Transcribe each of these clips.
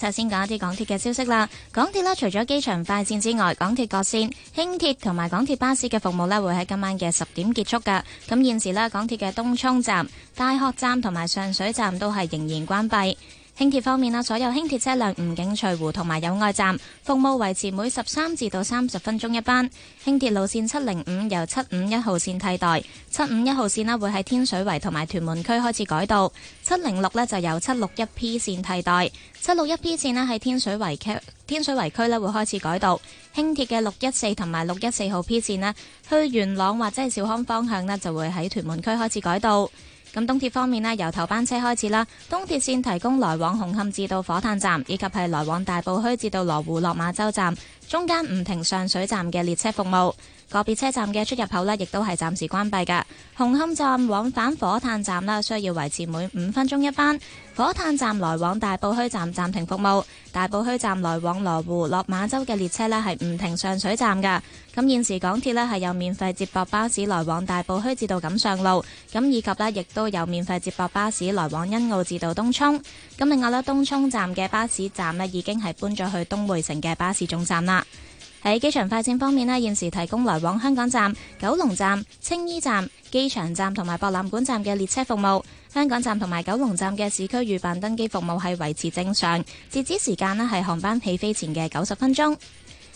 首先講一啲港鐵嘅消息啦，港鐵呢除咗機場快線之外，港鐵各線、輕鐵同埋港鐵巴士嘅服務呢會喺今晚嘅十點結束㗎。咁現時呢，港鐵嘅東涌站、大學站同埋上水站都係仍然關閉。輕鐵方面啊，所有輕鐵車輛唔經翠湖同埋友愛站，服務維持每十三至到三十分鐘一班。輕鐵路線七零五由七五一號線替代，七五一號線呢會喺天水圍同埋屯門區開始改道。七零六呢就由七六一 P 線替代，七六一 P 線呢喺天水圍區天水圍區咧會開始改道。輕鐵嘅六一四同埋六一四號 P 線呢，去元朗或者係小康方向呢，就會喺屯門區開始改道。咁東鐵方面咧，由頭班車開始啦。東鐵線提供來往紅磡至到火炭站，以及係來往大埔墟至到羅湖落馬洲站，中間唔停上水站嘅列車服務。個別車站嘅出入口呢，亦都係暫時關閉嘅。紅磡站往返火炭站呢，需要維持每五分鐘一班；火炭站來往大埔墟站暫停服務，大埔墟站來往羅湖、落馬洲嘅列車呢，係唔停上水站嘅。咁現時港鐵呢，係有免費接駁巴士來往大埔墟至到錦上路，咁以及呢，亦都有免費接駁巴士來往欣澳至到東涌。咁另外呢，東涌站嘅巴士站呢，已經係搬咗去東薈城嘅巴士總站啦。喺機場快線方面呢，現時提供來往香港站、九龍站、青衣站、機場站同埋博覽館站嘅列車服務。香港站同埋九龍站嘅市區預辦登機服務係維持正常，截止時間呢係航班起飛前嘅九十分鐘。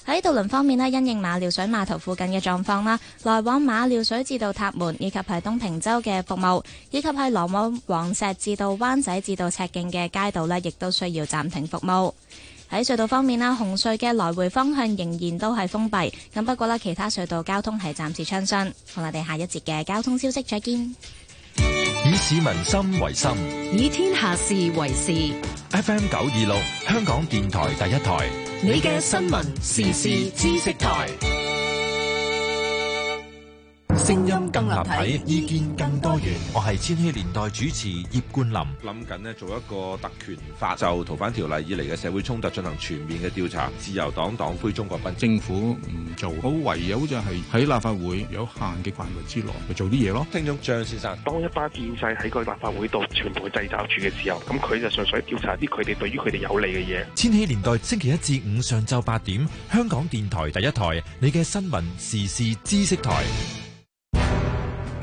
喺渡輪方面呢，因應馬料水碼頭附近嘅狀況啦，來往馬料水至到塔門以及係東平洲嘅服務，以及係羅窩黃石至到灣仔至到赤徑嘅街道呢，亦都需要暫停服務。喺隧道方面啦，紅隧嘅來回方向仍然都係封閉，咁不過咧，其他隧道交通係暫時暢順。好，我哋下一節嘅交通消息，再見。以市民心為心，以天下事為事。FM 九二六，香港電台第一台，你嘅新聞時事知識台。聲音更立體，意見更多元。我係千禧年代主持葉冠霖。諗緊咧，做一個特權法，就逃犯條例以嚟嘅社會衝突進行全面嘅調查。自由黨黨魁鍾國斌，政府唔做，好，唯有就係、是、喺立法會有限嘅範圍之內去、嗯、做啲嘢咯。聽眾張先生，當一班建制喺個立法會度全部掣肘住嘅時候，咁佢就純粹調查啲佢哋對於佢哋有利嘅嘢。千禧年代星期一至五上晝八點，香港電台第一台，你嘅新聞時事知識台。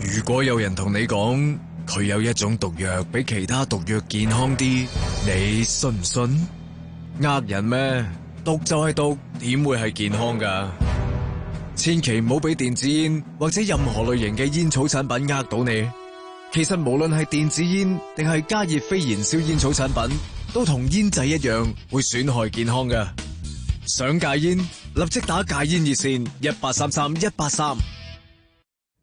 如果有人同你講佢有一種毒藥比其他毒藥健康啲，你信唔信？呃人咩？毒就係毒，點會係健康㗎？千祈唔好俾電子煙或者任何類型嘅煙草產品呃到你。其實無論係電子煙定係加熱非燃燒煙草產品，都同煙仔一樣會損害健康㗎。想戒煙，立即打戒煙熱線一八三三一八三。18 33, 18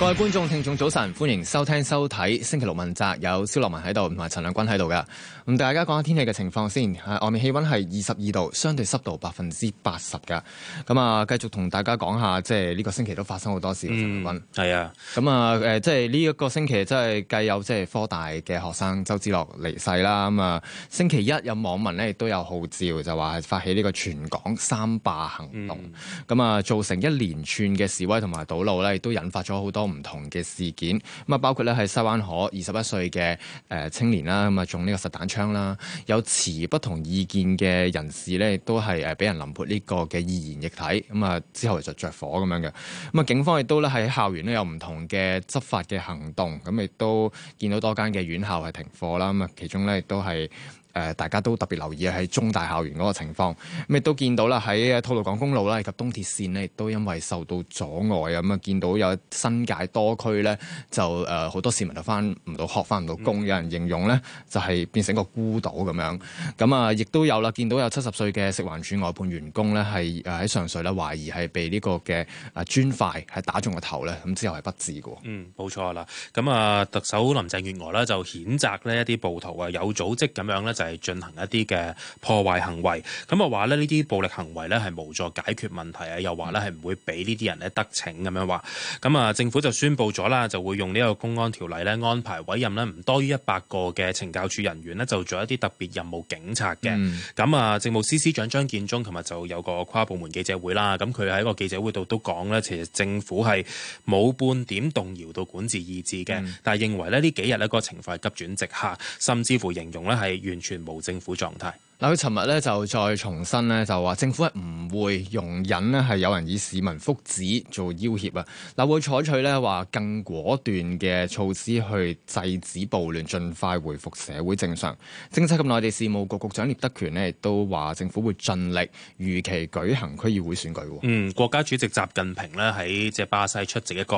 各位觀眾、聽眾，早晨，歡迎收聽、收睇《星期六問責》，有蕭洛汶喺度，同埋陳亮均喺度嘅。咁大家講下天氣嘅情況先。外面氣温係二十二度，相對濕度百分之八十嘅。咁啊，繼續同大家講下，即係呢個星期都發生好多事。陳亮均，係啊、嗯。咁啊的，誒，即係呢一個星期，即係計有即係科大嘅學生周梓樂離世啦。咁啊，星期一有網民咧，亦都有號召，就話係發起呢個全港三罷行動。咁啊、嗯，造成一連串嘅示威同埋堵路咧，亦都引發咗好多。唔同嘅事件，咁啊，包括咧喺西灣河二十一歲嘅誒青年啦，咁啊、呃、中呢個實彈槍啦，有持不同意見嘅人士咧，都係誒俾人淋潑呢個嘅易燃液體，咁啊之後就着火咁樣嘅。咁、嗯、啊，警方亦都咧喺校園咧有唔同嘅執法嘅行動，咁亦都見到多間嘅院校係停課啦。咁、嗯、啊，其中咧亦都係。誒，大家都特別留意喺中大校園嗰個情況，亦都見到啦，喺吐露港公路啦，以及東鐵線呢，亦都因為受到阻礙咁啊，見到有新界多區咧，就誒好、呃、多市民就返唔到學，返唔到工，嗯、有人形容咧就係、是、變成個孤島咁樣。咁啊，亦都有啦，見到有七十歲嘅食環署外判員工咧，係誒喺上水咧懷疑係被呢個嘅啊磚塊係打中個頭咧，咁之後係不治嘅。嗯，冇錯啦。咁啊，特首林鄭月娥咧就譴責呢一啲暴徒啊，有組織咁樣咧。就係進行一啲嘅破壞行為，咁啊話咧呢啲暴力行為咧係無助解決問題啊，又話咧係唔會俾呢啲人咧得逞咁樣話，咁啊政府就宣布咗啦，就會用呢個公安條例咧安排委任呢唔多於一百個嘅懲教署人員呢，就做一啲特別任務警察嘅。咁、嗯、啊政務司司長張建中琴日就有個跨部門記者會啦，咁佢喺個記者會度都講呢，其實政府係冇半點動搖到管治意志嘅，嗯、但係認為咧呢幾日呢、這個情況係急轉直下，甚至乎形容呢係完全。全無政府狀態。嗱，佢尋日咧就再重申咧，就話政府係唔會容忍咧係有人以市民福祉做要挾啊！嗱，會採取咧話更果斷嘅措施去制止暴亂，盡快回復社會正常。政制及，內地事務局局長聶德權咧亦都話，政府會盡力如期舉行區議會選舉。嗯，國家主席習近平咧喺即係巴西出席一個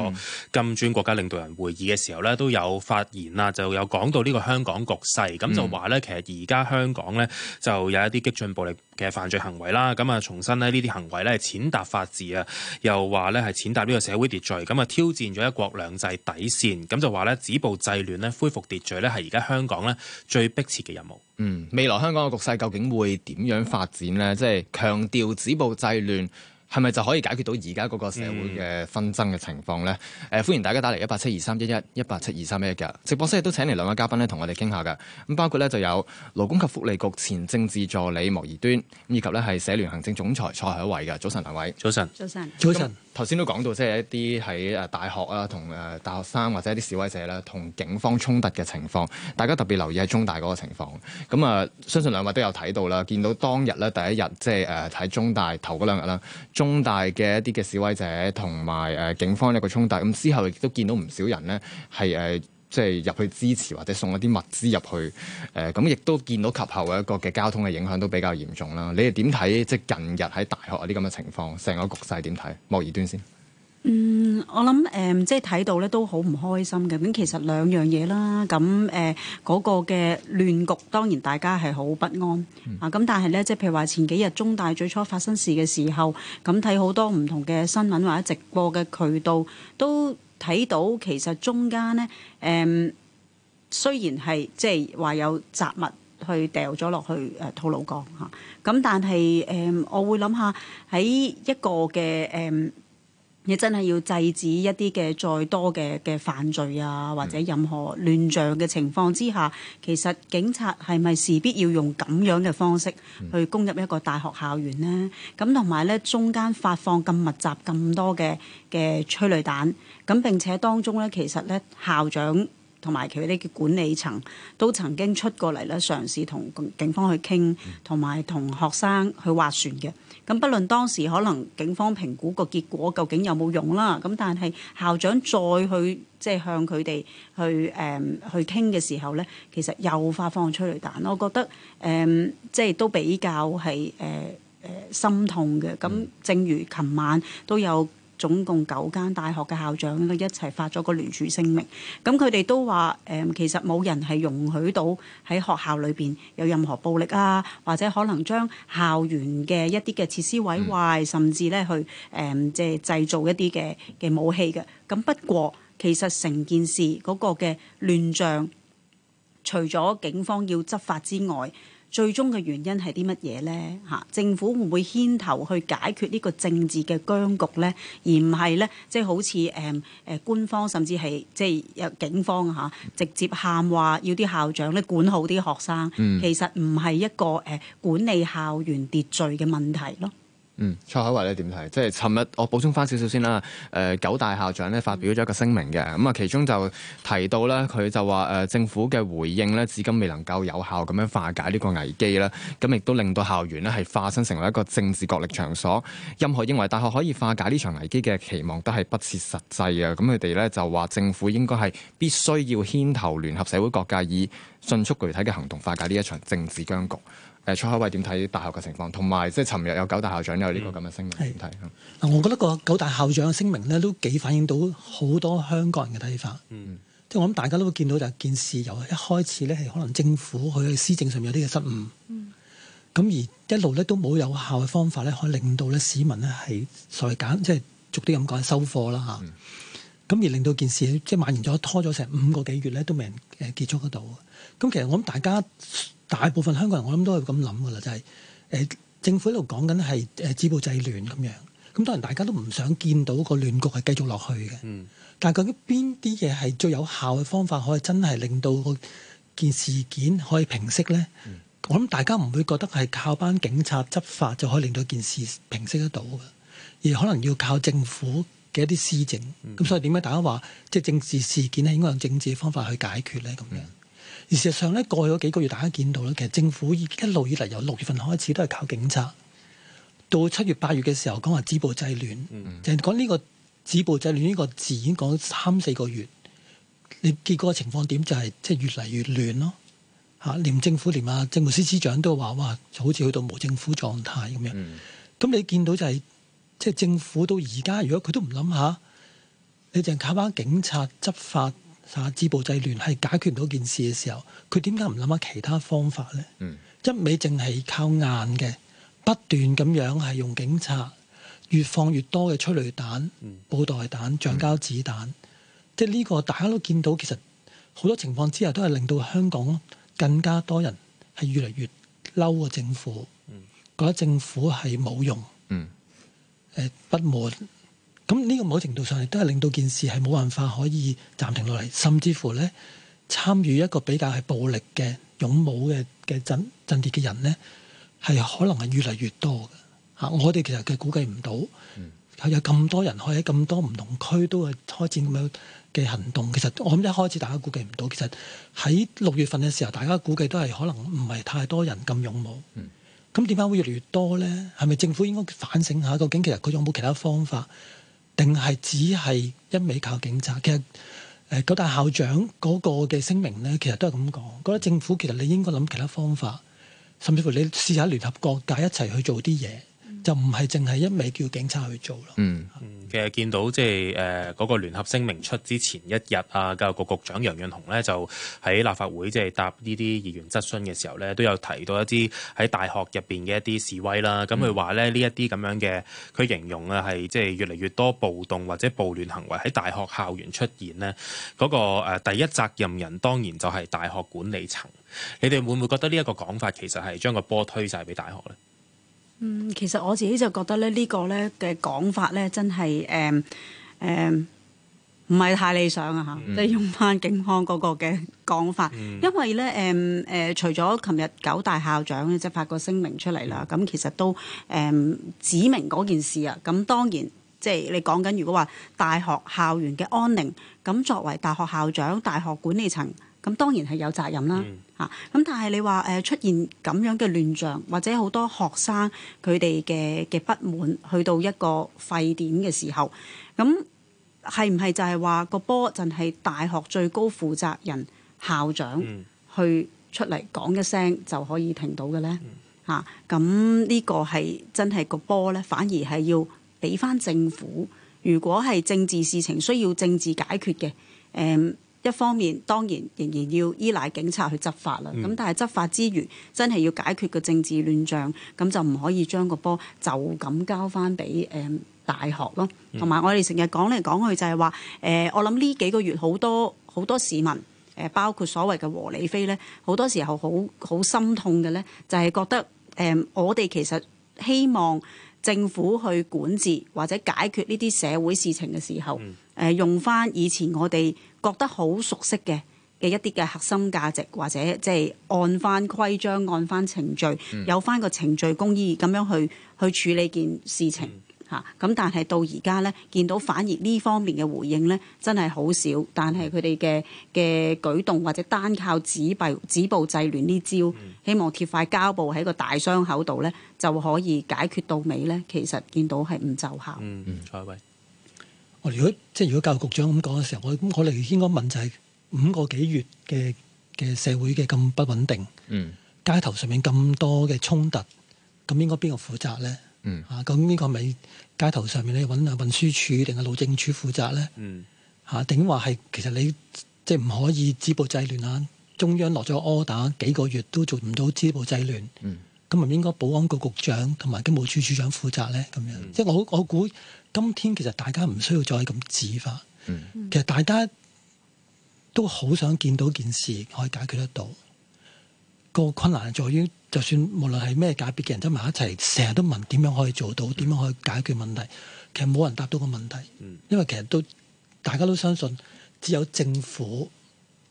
金磚國家領導人會議嘅時候咧，都有發言啊，就有講到呢個香港局勢，咁就話咧其實而家香港咧就。就有一啲激進暴力嘅犯罪行為啦，咁啊重新咧呢啲行為咧，係踐踏法治啊，又話咧係踐踏呢個社會秩序，咁啊挑戰咗一國兩制底線，咁就話咧止暴制亂咧，恢復秩序咧，係而家香港咧最迫切嘅任務。嗯，未來香港嘅局勢究竟會點樣發展呢？即係強調止暴制亂。係咪就可以解決到而家嗰個社會嘅紛爭嘅情況咧？誒、嗯、歡迎大家打嚟一八七二三一一一八七二三一一嘅直播室，亦都請嚟兩位嘉賓咧，同我哋傾下㗎。咁包括咧就有勞工及福利局前政治助理莫宜端，以及咧係社聯行政總裁蔡海偉嘅。早晨，兩位。早晨。早晨。早晨。頭先都講到即係一啲喺誒大學啊，同誒大學生或者一啲示威者啦、同警方衝突嘅情況，大家特別留意係中大嗰個情況。咁啊，相信兩位都有睇到啦，見到當日咧第一日即係誒喺中大頭嗰兩日啦。中大嘅一啲嘅示威者同埋誒警方一個衝突，咁之後亦都見到唔少人咧係誒即係入去支持或者送一啲物資入去，誒咁亦都見到及後嘅一個嘅交通嘅影響都比較嚴重啦。你哋點睇？即係近日喺大學嗰啲咁嘅情況，成個局勢點睇？莫宜端先。我諗誒，即係睇到咧都好唔開心嘅。咁其實兩樣嘢啦，咁誒嗰個嘅亂局，當然大家係好不安啊。咁但係咧，即係譬如話前幾日中大最初發生事嘅時候，咁睇好多唔同嘅新聞或者直播嘅渠道，都睇到其實中間咧誒，雖然係即係話有雜物去掉咗落去誒吐露港吓，咁但係誒我會諗下喺一個嘅誒。你真係要制止一啲嘅再多嘅嘅犯罪啊，或者任何亂象嘅情況之下，其實警察係咪事必要用咁樣嘅方式去攻入一個大學校園咧？咁同埋咧，中間發放咁密集、咁多嘅嘅催淚彈，咁並且當中咧，其實咧，校長同埋佢哋嘅管理層都曾經出過嚟咧，嘗試同警方去傾，同埋同學生去斡旋嘅。咁不論當時可能警方評估個結果究竟有冇用啦，咁但係校長再去即係向佢哋去誒、嗯、去傾嘅時候咧，其實又發放催淚彈，係我覺得誒、嗯、即係都比較係誒誒心痛嘅。咁正如琴晚都有，總共九間大學嘅校長咧，一齊發咗個聯署聲明，咁佢哋都話誒其實冇人係容許到喺學校裏邊有任何暴力啊，或者可能將校園嘅一啲嘅設施毀壞，甚至咧去誒即係製造一啲嘅嘅武器嘅。咁不過其實成件事嗰個嘅亂象，除咗警方要執法之外。最終嘅原因係啲乜嘢咧？嚇、啊，政府會唔會牽頭去解決呢個政治嘅僵局咧？而唔係咧，即係好似誒誒官方甚至係即係、呃、警方嚇、啊，直接喊話要啲校長咧管好啲學生。嗯、其實唔係一個誒、呃、管理校園秩序嘅問題咯。嗯，蔡海偉咧點睇？即係尋日我補充翻少少先啦。誒、呃，九大校長咧發表咗一個聲明嘅，咁、嗯、啊其中就提到咧，佢就話誒、呃、政府嘅回應咧，至今未能夠有效咁樣化解呢個危機啦。咁亦都令到校園咧係化身成為一個政治角力場所。任何認為大學可以化解呢場危機嘅期望都係不切實際嘅。咁佢哋咧就話政府應該係必須要牽頭聯合社會各界，以迅速具體嘅行動化解呢一場政治僵局。誒，蔡海偉點睇大學嘅情況，同埋即係尋日有九大校長有呢個咁嘅聲明點睇？嗱，我覺得個九大校長嘅聲明咧，都幾反映到好多香港人嘅睇法。嗯、即係我諗大家都見到就件事由一開始咧，係可能政府佢嘅施政上面有啲嘅失誤。嗯，咁而一路咧都冇有，有效嘅方法咧，可以令到咧市民咧係在揀，即係、就係、逐啲咁講收貨啦嚇。咁、嗯、而令到件事即係蔓延咗拖咗成五個幾月咧，都未人誒結束得到。咁其實我諗大家。大家大部分香港人，我諗都係咁諗㗎喇，就係、是、誒、呃、政府喺度講緊係誒止暴制亂咁樣。咁當然大家都唔想見到個亂局係繼續落去嘅。嗯、但究竟邊啲嘢係最有效嘅方法，可以真係令到個件事件可以平息咧？嗯、我諗大家唔會覺得係靠班警察執法就可以令到件事平息得到嘅，而可能要靠政府嘅一啲施政。咁、嗯、所以點解大家話即係政治事件咧，應該用政治嘅方法去解決咧？咁樣、嗯。而事實上咧，過去幾個月，大家見到咧，其實政府一路以嚟由六月份開始都係靠警察，到七月八月嘅時候講話止暴制亂，嗯、淨係講呢個止暴制亂呢個字已經講咗三四個月，你結果嘅情況點就係即係越嚟越亂咯。嚇！連政府連啊政務司司長都話，哇，好似去到冇政府狀態咁樣。咁、嗯、你見到就係即係政府到而家，如果佢都唔諗下，你淨係靠翻警察執法。查止暴制亂係解決唔到件事嘅時候，佢點解唔諗下其他方法呢？Mm. 一味淨係靠硬嘅，不斷咁樣係用警察越放越多嘅催淚彈、布袋彈、橡膠子彈，mm. 即係呢個大家都見到，其實好多情況之下都係令到香港更加多人係越嚟越嬲個政府，mm. 覺得政府係冇用，誒、mm. 呃、不滿。咁呢個某程度上亦都係令到件事係冇辦法可以暫停落嚟，甚至乎咧參與一個比較係暴力嘅勇武嘅嘅陣陣列嘅人咧，係可能係越嚟越多嘅嚇。我哋其實嘅估計唔到，嗯、有咁多人可以喺咁多唔同區都係開展咁樣嘅行動。其實我諗一開始大家估計唔到，其實喺六月份嘅時候，大家估計都係可能唔係太多人咁勇武。咁點解會越嚟越多咧？係咪政府應該反省下，究竟其實佢有冇其他方法？定係只係一味靠警察，其實誒、呃、九大校長個嘅聲明咧，其實都係咁講，覺得政府其實你應該諗其他方法，甚至乎你試下聯合各界一齊去做啲嘢。就唔係淨係一味叫警察去做咯，嗯。嗯，其實見到即係誒嗰個聯合聲明出之前一日，啊教育局局長楊潤雄咧就喺立法會即係答呢啲議員質詢嘅時候咧，都有提到一啲喺大學入邊嘅一啲示威啦。咁佢話咧呢一啲咁樣嘅，佢形容啊係即係越嚟越多暴動或者暴亂行為喺大學校園出現呢嗰、嗰個、呃、第一責任人當然就係大學管理層。你哋會唔會覺得呢一個講法其實係將個波推晒俾大學呢？嗯，其實我自己就覺得咧，這個、呢個咧嘅講法咧，真係誒誒唔係太理想啊嚇。即係、嗯、用翻警方嗰個嘅講法，嗯、因為咧誒誒，除咗琴日九大校長即係發個聲明出嚟啦，咁、嗯、其實都誒、呃、指明嗰件事啊。咁當然，即係你講緊如果話大學校園嘅安寧，咁作為大學校長、大學管理層。咁當然係有責任啦，嚇、嗯！咁但係你話誒出現咁樣嘅亂象，或者好多學生佢哋嘅嘅不滿，去到一個沸點嘅時候，咁係唔係就係話個波就係大學最高負責人校長去出嚟講一聲就可以停到嘅咧？嚇、嗯！啊、咁呢個係真係個波咧，反而係要俾翻政府。如果係政治事情需要政治解決嘅，誒、嗯。一方面當然仍然要依賴警察去執法啦，咁、嗯、但係執法之餘，真係要解決個政治亂象，咁就唔可以將個波就咁交翻俾誒大學咯。同埋、嗯、我哋成日講嚟講去就係話誒，我諗呢幾個月好多好多市民誒、呃，包括所謂嘅和理非咧，好多時候好好心痛嘅咧，就係覺得誒、呃，我哋其實希望政府去管治或者解決呢啲社會事情嘅時候。嗯誒用翻以前我哋覺得好熟悉嘅嘅一啲嘅核心價值，或者即係按翻規章、按翻程序，嗯、有翻個程序公義咁樣去去處理件事情嚇。咁、嗯、但係到而家咧，見到反而呢方面嘅回應咧，真係好少。但係佢哋嘅嘅舉動或者單靠止暴止暴制亂呢招，嗯、希望貼塊膠布喺個大傷口度咧，就可以解決到尾咧。其實見到係唔奏效。嗯嗯，蔡海偉、嗯。嗯如果即係如果教育局長咁講嘅時候，我我哋應該問就係、是、五個幾月嘅嘅社會嘅咁不穩定，嗯，街頭上面咁多嘅衝突，咁應該邊個負責咧？嗯，啊，咁呢個咪街頭上面你揾下運輸署定係路政署負責咧？嗯，嚇定話係其實你即係唔可以止暴制亂啊！中央落咗 order 幾個月都做唔到止暴制亂，嗯。咁咪應該保安局局長同埋警務處處長負責咧，咁樣、嗯、即係我我估今天其實大家唔需要再咁指法。嗯、其實大家都好想見到件事可以解決得到。個困難在於，就算無論係咩界別嘅人走埋一齊，成日都問點樣可以做到，點、嗯、樣可以解決問題，其實冇人答到個問題，因為其實都大家都相信只有政府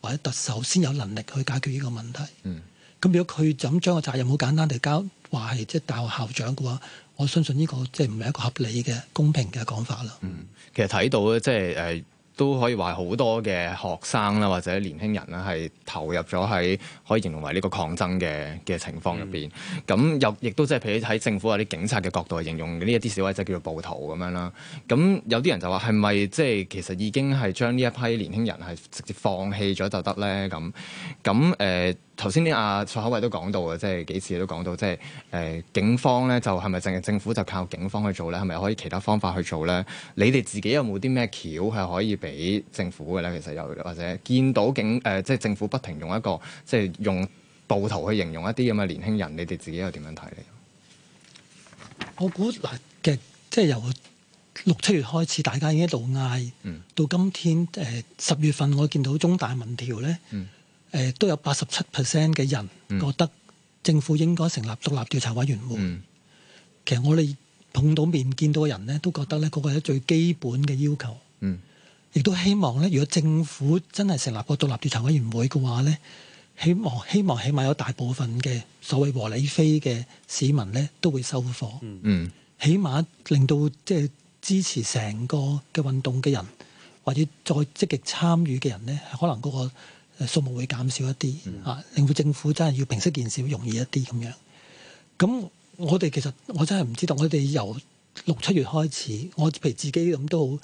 或者特首先有能力去解決呢個問題。嗯咁如果佢就咁將個責任好簡單地交話係即係大學校長嘅話，我相信呢個即係唔係一個合理嘅公平嘅講法啦。嗯，其實睇到咧，即係誒、呃、都可以話好多嘅學生啦，或者年輕人啦，係投入咗喺可以形容為呢個抗爭嘅嘅情況入邊。咁、嗯、又亦都即係譬如喺政府或者警察嘅角度係形容呢一啲示威者叫做暴徒咁樣啦。咁有啲人就話係咪即係其實已經係將呢一批年輕人係直接放棄咗就得咧？咁咁誒？頭先啲阿蔡海偉都講到嘅，即係幾次都講到，即係誒、呃、警方咧，就係咪淨係政府就靠警方去做咧？係咪可以其他方法去做咧？你哋自己有冇啲咩橋係可以俾政府嘅咧？其實又或者見到警誒、呃，即係政府不停用一個即係用暴徒去形容一啲咁嘅年輕人，你哋自己又點樣睇咧？我估嗱嘅，即係由六七月開始，大家已經喺度嗌，嗯、到今天誒十、呃、月份，我見到中大民調咧，嗯。誒都有八十七 percent 嘅人覺得政府應該成立獨立調查委員會。嗯、其實我哋碰到面見到嘅人咧，都覺得咧嗰個係最基本嘅要求，亦、嗯、都希望咧。如果政府真係成立個獨立調查委員會嘅話咧，希望希望起碼有大部分嘅所謂和理非嘅市民咧都會收貨，嗯、起碼令到即係支持成個嘅運動嘅人或者再積極參與嘅人咧，可能嗰、嗰個。數目會減少一啲，mm. 啊！令到政府真係要平息件事容易一啲咁樣。咁我哋其實我真係唔知道。我哋由六七月開始，我譬如自己咁都好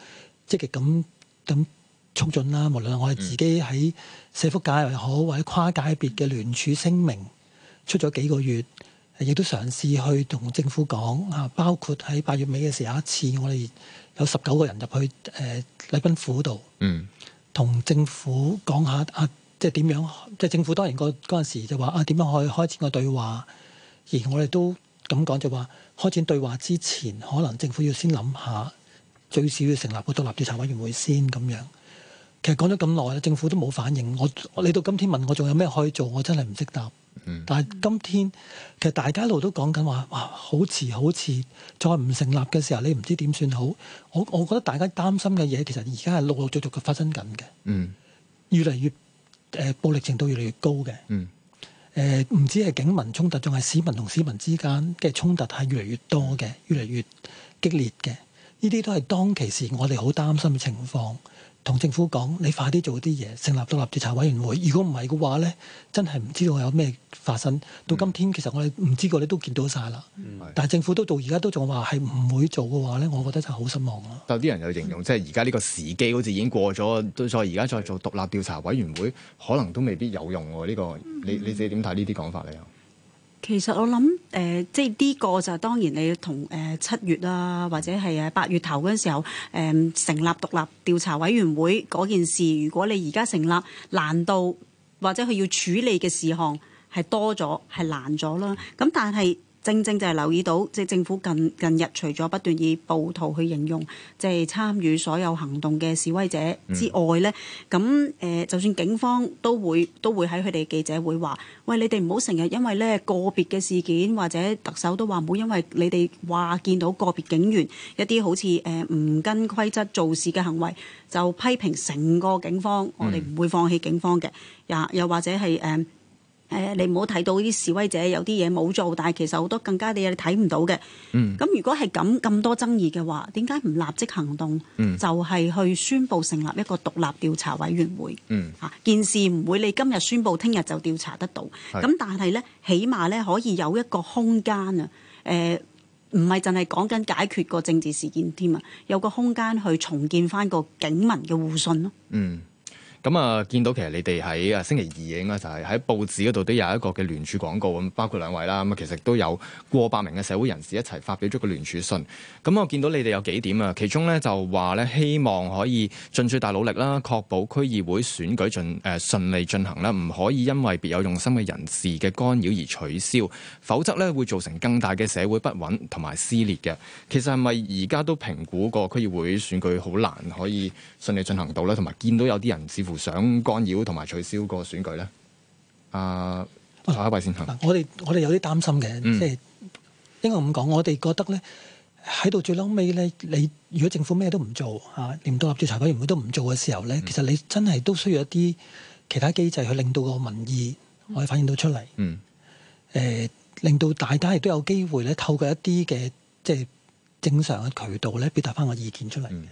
積極咁咁促進啦。無論我哋自己喺社福界又好，或者跨界別嘅聯署聲明出咗幾個月，亦都嘗試去同政府講啊。包括喺八月尾嘅時候有一次，我哋有十九個人入去誒，呃，禮賓府度，同，mm. 政府講下啊。即係點樣？即係政府當然個嗰陣時就話啊，點樣可以開展個對話？而我哋都咁講，就話開展對話之前，可能政府要先諗下，最少要成立個獨立調查委員會先咁樣。其實講咗咁耐啦，政府都冇反應。我，我你到今天問我仲有咩可以做，我真係唔識答。但係今天其實大家一路都講緊話，哇！好遲，好遲，好遲，再唔成立嘅時候，你唔知點算好。我我覺得大家擔心嘅嘢，其實而家係陸陸續續嘅發生緊嘅。越嚟越。呃、暴力程度越嚟越高嘅，誒、嗯、呃、唔止係警民衝突，仲係市民同市民之間嘅衝突係越嚟越多嘅，越嚟越激烈嘅，呢啲都係當其時我哋好擔心嘅情況。同政府講，你快啲做啲嘢，成立獨立調查委員會。如果唔係嘅話咧，真係唔知道有咩發生。到今天、嗯、其實我哋唔知個，你都見到晒啦。嗯、但係政府都做，而家都仲話係唔會做嘅話咧，我覺得就好失望咯。但有啲人又形容，即係而家呢個時機好似已經過咗，都所以而家再做獨立調查委員會，可能都未必有用喎。呢個你你自己點睇呢啲講法咧？其實我諗誒，即係呢個就當然你要同誒七月啊，或者係誒八月頭嗰陣時候誒、呃、成立獨立調查委員會嗰件事，如果你而家成立，難度或者佢要處理嘅事項係多咗，係難咗啦。咁但係。正正就係留意到，即係政府近近日除咗不斷以暴徒去形容，即係參與所有行動嘅示威者之外呢，咁誒，就算警方都會都會喺佢哋記者會話：喂，你哋唔好成日因為呢個別嘅事件，或者特首都話唔好，因為你哋話見到個別警員一啲好似誒唔跟規則做事嘅行為，就批評成個警方。我哋唔會放棄警方嘅，又，嗯，或者係誒，呃誒、呃，你唔好睇到啲示威者有啲嘢冇做，但係其實好多更加啲嘢你睇唔到嘅。嗯，咁如果係咁咁多爭議嘅話，點解唔立即行動？嗯、就係去宣佈成立一個獨立調查委員會。嗯啊、件事唔會你今日宣佈，聽日就調查得到。咁是但係呢，起碼呢可以有一個空間啊！誒、呃，唔係淨係講緊解決個政治事件添啊，有個空間去重建翻個警民嘅互信咯。嗯咁啊、嗯，見到其實你哋喺啊星期二嘅應該就係、是、喺報紙嗰度都有一個嘅聯署廣告，咁包括兩位啦，咁啊其實都有過百名嘅社會人士一齊發表咗個聯署信。咁、嗯、我見到你哋有幾點啊，其中咧就話咧希望可以盡最大努力啦，確保區議會選舉進誒、呃、順利進行啦，唔可以因為別有用心嘅人士嘅干擾而取消，否則咧會造成更大嘅社會不穩同埋撕裂嘅。其實係咪而家都評估過區議會選舉好難可以順利進行到咧，同埋見到有啲人想干擾同埋取消個選舉咧？啊，我唞下 breath 先嚇。我哋我哋有啲擔心嘅，即係應該咁講，我哋覺得咧喺到最嬲尾咧，你如果政府咩都唔做啊，連獨立調查委員會都唔做嘅時候咧，嗯、其實你真係都需要一啲其他機制去令到個民意、嗯、我可以反映到出嚟。嗯。誒、呃，令到大家亦都有機會咧，透過一啲嘅即係正常嘅渠道咧，表達翻個意見出嚟。嗯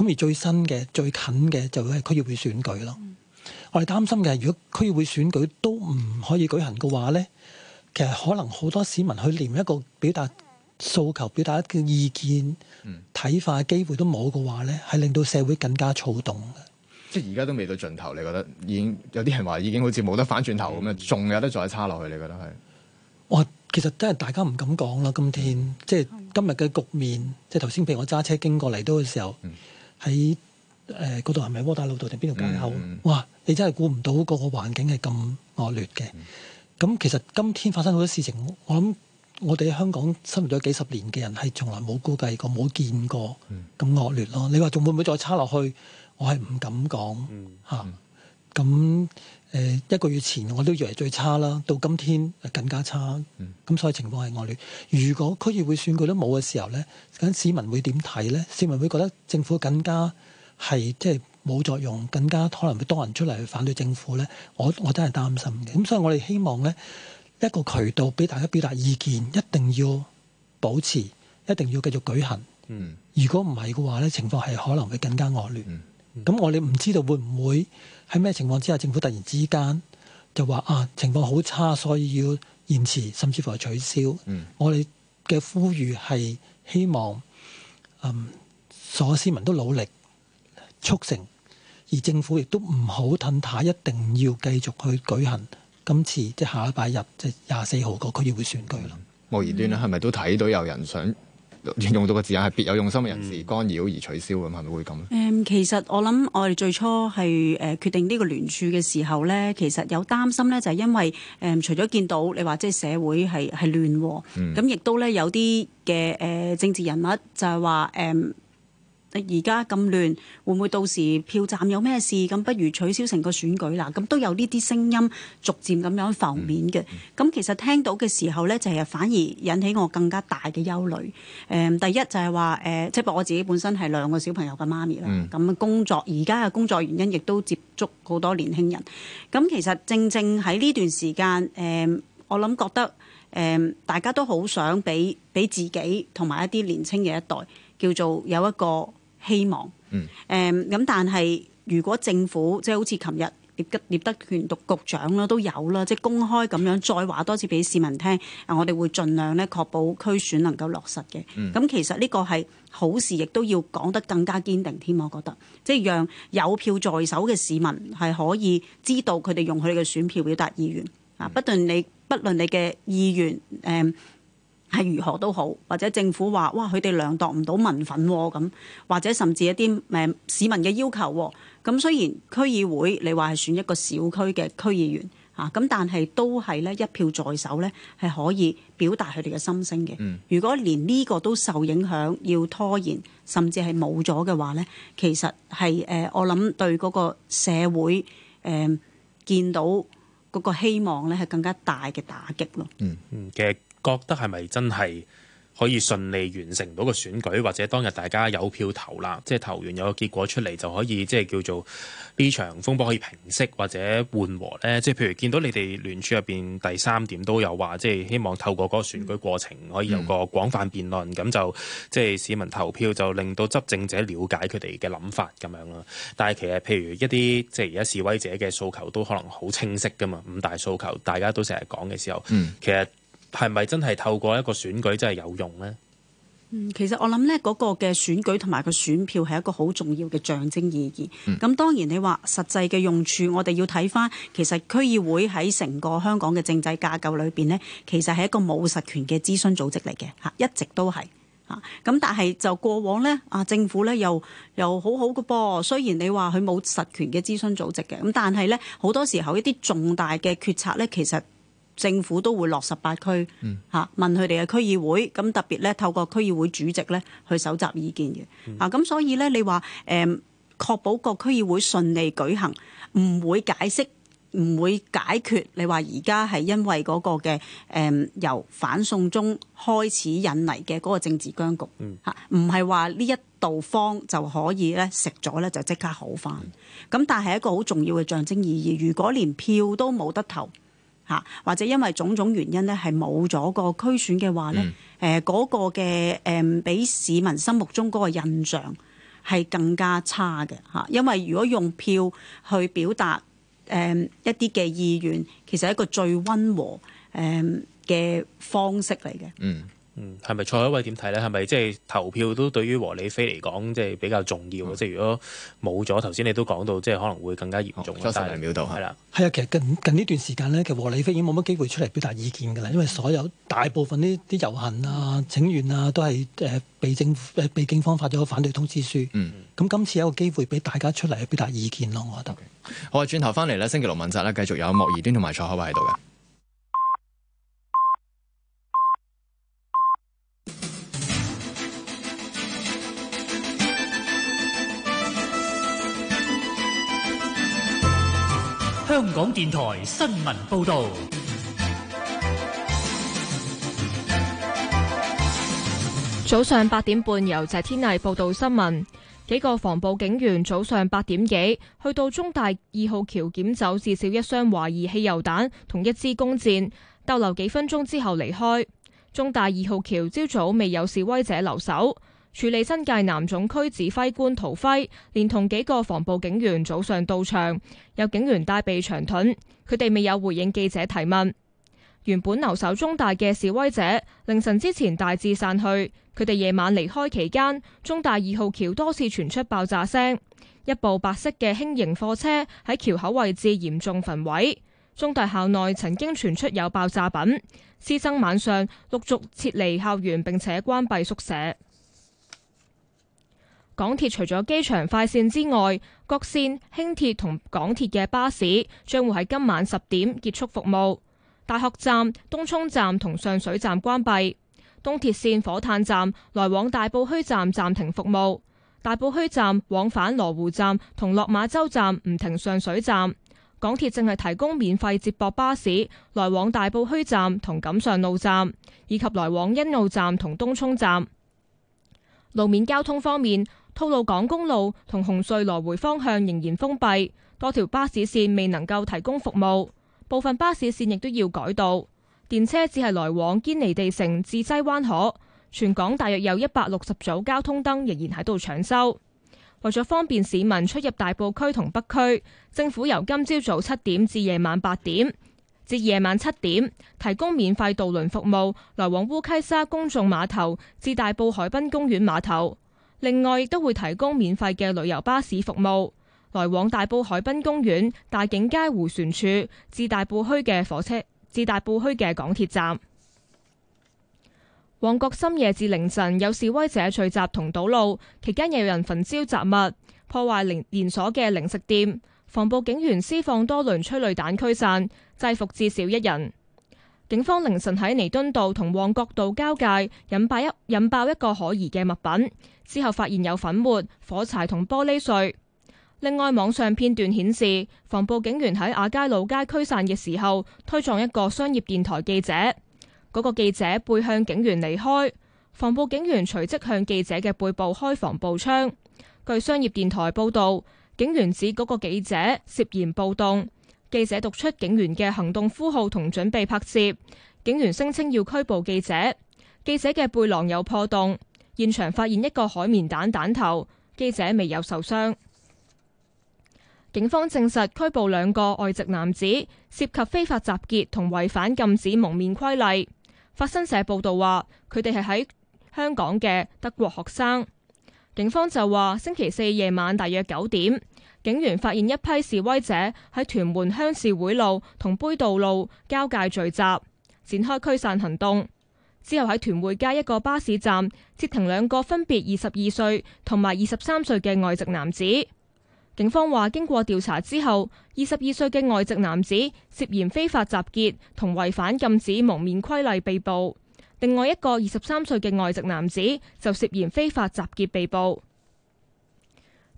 咁而最新嘅、最近嘅就係區議會選舉咯。嗯、我哋擔心嘅係，如果區議會選舉都唔可以舉行嘅話咧，其實可能好多市民去連一個表達訴求、表達一個意見、睇法嘅機會都冇嘅話咧，係令到社會更加躁動嘅。嗯、即係而家都未到盡頭，你覺得已經有啲人話已經好似冇得反轉頭咁樣，仲、嗯、有得再差落去，你覺得係？我、嗯、其實真係大家唔敢講啦。今天、嗯、即係今日嘅局面，即係頭先譬如我揸車經過嚟到嘅時候。嗯嗯喺誒嗰度係咪窩打路度定邊條街口？Mm hmm. 哇！你真係估唔到個個環境係咁惡劣嘅。咁、mm hmm. 其實今天發生好多事情，我諗我哋喺香港生活咗幾十年嘅人係從來冇估計過、冇見過咁惡劣咯。Mm hmm. 你話仲會唔會再差落去？我係唔敢講嚇。咁誒、呃、一個月前我都以為最差啦，到今天更加差。咁、嗯、所以情況係惡劣。如果區議會選舉都冇嘅時候呢，咁市民會點睇呢？市民會覺得政府更加係即係冇作用，更加可能會多人出嚟去反對政府呢。我我真係擔心嘅。咁所以我哋希望呢一個渠道俾大家表達意見，一定要保持，一定要繼續舉行。嗯、如果唔係嘅話呢，情況係可能會更加惡劣。嗯咁我哋唔知道會唔會喺咩情況之下，政府突然之間就話啊，情況好差，所以要延遲，甚至乎係取消。嗯、我哋嘅呼籲係希望、嗯，所有市民都努力促成，而政府亦都唔好褪軚，一定要繼續去舉行今次即係、就是、下個禮拜日即係廿四號個區議會選舉啦。莫宜、嗯、端啦，係咪都睇到有人想？用到個字眼係別有用心嘅人士干擾而取消咁，係咪會咁？誒、嗯，其實我諗我哋最初係誒決定呢個聯署嘅時候咧，其實有擔心咧，就係因為誒、嗯、除咗見到你話即係社會係係亂，咁亦都咧有啲嘅誒政治人物就係話誒。嗯而家咁亂，會唔會到時票站有咩事？咁不如取消成個選舉啦。咁都有呢啲聲音逐漸咁樣浮面嘅。咁其實聽到嘅時候呢，就係、是、反而引起我更加大嘅憂慮。誒、嗯，第一就係話誒，即、呃、係我自己本身係兩個小朋友嘅媽咪啦。咁、嗯、工作而家嘅工作原因，亦都接觸好多年輕人。咁其實正正喺呢段時間，誒、呃，我諗覺得誒、呃，大家都好想俾俾自己同埋一啲年輕嘅一代叫做有一個。希望誒咁、嗯，但係如果政府即係好似琴日，聶德、聶德權讀局長啦都有啦，即係公開咁樣再話多次俾市民聽，我哋會盡量咧確保區選能夠落實嘅。咁、嗯、其實呢個係好事，亦都要講得更加堅定添，我覺得，即係讓有票在手嘅市民係可以知道佢哋用佢哋嘅選票表達意願啊！不論你，不論你嘅意願誒。係如何都好，或者政府話，哇，佢哋量度唔到民憤咁、啊，或者甚至一啲誒、呃、市民嘅要求、啊。咁、嗯、雖然區議會你話係選一個小區嘅區議員啊，咁但係都係咧一票在手咧，係可以表達佢哋嘅心聲嘅。如果連呢個都受影響，要拖延，甚至係冇咗嘅話咧，其實係誒、呃，我諗對嗰個社會誒、呃、見到嗰個希望咧係更加大嘅打擊咯、嗯。嗯嗯，覺得係咪真係可以順利完成到個選舉，或者當日大家有票投啦，即係投完有個結果出嚟就可以，即係叫做呢場風波可以平息或者緩和呢？即係譬如見到你哋聯署入邊第三點都有話，即係希望透過嗰個選舉過程可以有個廣泛辯論，咁、嗯、就即係市民投票就令到執政者了解佢哋嘅諗法咁樣啦。但係其實譬如一啲即係而家示威者嘅訴求都可能好清晰噶嘛，五大訴求大家都成日講嘅時候，嗯、其實。係咪真係透過一個選舉真係有用呢？嗯，其實我諗呢、嗰、那個嘅選舉同埋個選票係一個好重要嘅象徵意義。咁、嗯、當然你話實際嘅用處，我哋要睇翻。其實區議會喺成個香港嘅政制架構裏邊呢，其實係一個冇實權嘅諮詢組織嚟嘅吓，一直都係吓。咁、啊、但係就過往呢，啊政府呢又又好好嘅噃。雖然你話佢冇實權嘅諮詢組織嘅，咁但係呢，好多時候一啲重大嘅決策呢，其實。政府都會落十八區嚇問佢哋嘅區議會，咁特別咧透過區議會主席咧去搜集意見嘅、嗯、啊，咁所以咧你話誒、嗯、確保個區議會順利舉行，唔會解釋，唔會解決你話而家係因為嗰個嘅誒、嗯、由反送中開始引嚟嘅嗰個政治僵局嚇，唔係話呢一道方就可以咧食咗咧就即刻好返，咁、嗯、但係一個好重要嘅象徵意義。如果連票都冇得投。或者因為種種原因咧，係冇咗個區選嘅話咧，誒嗰個嘅誒，俾市民心目中嗰個印象係更加差嘅嚇、啊。因為如果用票去表達誒、呃、一啲嘅意願，其實係一個最温和誒嘅、呃、方式嚟嘅。嗯。嗯，係咪蔡海偉點睇咧？係咪即係投票都對於和理非嚟講，即係比較重要？嗯、即係如果冇咗，頭先你都講到，即係可能會更加嚴重。三十秒度係啦，係啊，其實近近呢段時間咧，其實和理非已經冇乜機會出嚟表達意見噶啦，因為所有大部分呢啲遊行啊、請願啊，都係誒、呃、被政被警方發咗個反對通知書。咁、嗯、今次有一個機會俾大家出嚟表達意見咯，我覺得。Okay. 好啊，轉頭翻嚟咧，星期六問責咧，繼續有莫宜端同埋蔡海偉喺度嘅。香港電台新聞報道，早上八點半由謝天藝報道新聞。幾個防暴警員早上八點幾去到中大二號橋撿走至少一箱懷疑汽油彈，同一支弓箭逗留幾分鐘之後離開。中大二號橋朝早未有示威者留守。處理新界南總區指揮官陶輝，連同幾個防暴警員早上到場，有警員帶備長盾。佢哋未有回應記者提問。原本留守中大嘅示威者，凌晨之前大致散去。佢哋夜晚離開期間，中大二號橋多次傳出爆炸聲，一部白色嘅輕型貨車喺橋口位置嚴重焚毀。中大校內曾經傳出有爆炸品，師生晚上陸續撤離校園，並且關閉宿舍。港鐵除咗機場快線之外，各線輕鐵同港鐵嘅巴士將會喺今晚十點結束服務。大學站、東涌站同上水站關閉，東鐵線火炭站來往大埔墟站暫停服務，大埔墟站往返羅湖站同落馬洲站唔停上水站。港鐵淨係提供免費接駁巴士來往大埔墟站同錦上路站，以及來往欣澳站同東涌站。路面交通方面。吐露港公路同紅隧來回方向仍然封閉，多條巴士線未能夠提供服務，部分巴士線亦都要改道。電車只係來往堅尼地城至西灣河。全港大約有一百六十組交通燈仍然喺度搶修。為咗方便市民出入大埔區同北區，政府由今朝早七點至夜晚八點至夜晚七點提供免費渡輪服務，來往烏溪沙公眾碼頭至大埔海濱公園碼頭。另外亦都會提供免費嘅旅遊巴士服務，來往大埔海濱公園、大景街湖船處至大埔墟嘅火車，至大埔墟嘅港鐵站。旺角深夜至凌晨有示威者聚集同堵路，期間有人焚燒雜物，破壞連連鎖嘅零食店。防暴警員施放多輪催淚彈驅散，制服至少一人。警方凌晨喺彌敦道同旺角道交界引爆一引爆一個可疑嘅物品。之後發現有粉末、火柴同玻璃碎。另外，網上片段顯示防暴警員喺亞皆老街驅散嘅時候推撞一個商業電台記者，嗰個記者背向警員離開，防暴警員隨即向記者嘅背部開防暴槍。據商業電台報道，警員指嗰個記者涉嫌暴動，記者讀出警員嘅行動呼號同準備拍攝，警員聲稱要拘捕記者，記者嘅背囊有破洞。現場發現一個海綿彈彈頭，記者未有受傷。警方證實拘捕兩個外籍男子，涉及非法集結同違反禁止蒙面規例。法新社報道話，佢哋係喺香港嘅德國學生。警方就話，星期四夜晚大約九點，警員發現一批示威者喺屯門鄉事會路同杯渡路交界聚集，展開驅散行動。之後喺屯匯街一個巴士站截停兩個分別二十二歲同埋二十三歲嘅外籍男子。警方話，經過調查之後，二十二歲嘅外籍男子涉嫌非法集結同違反禁止蒙面規例被捕，另外一個二十三歲嘅外籍男子就涉嫌非法集結被捕。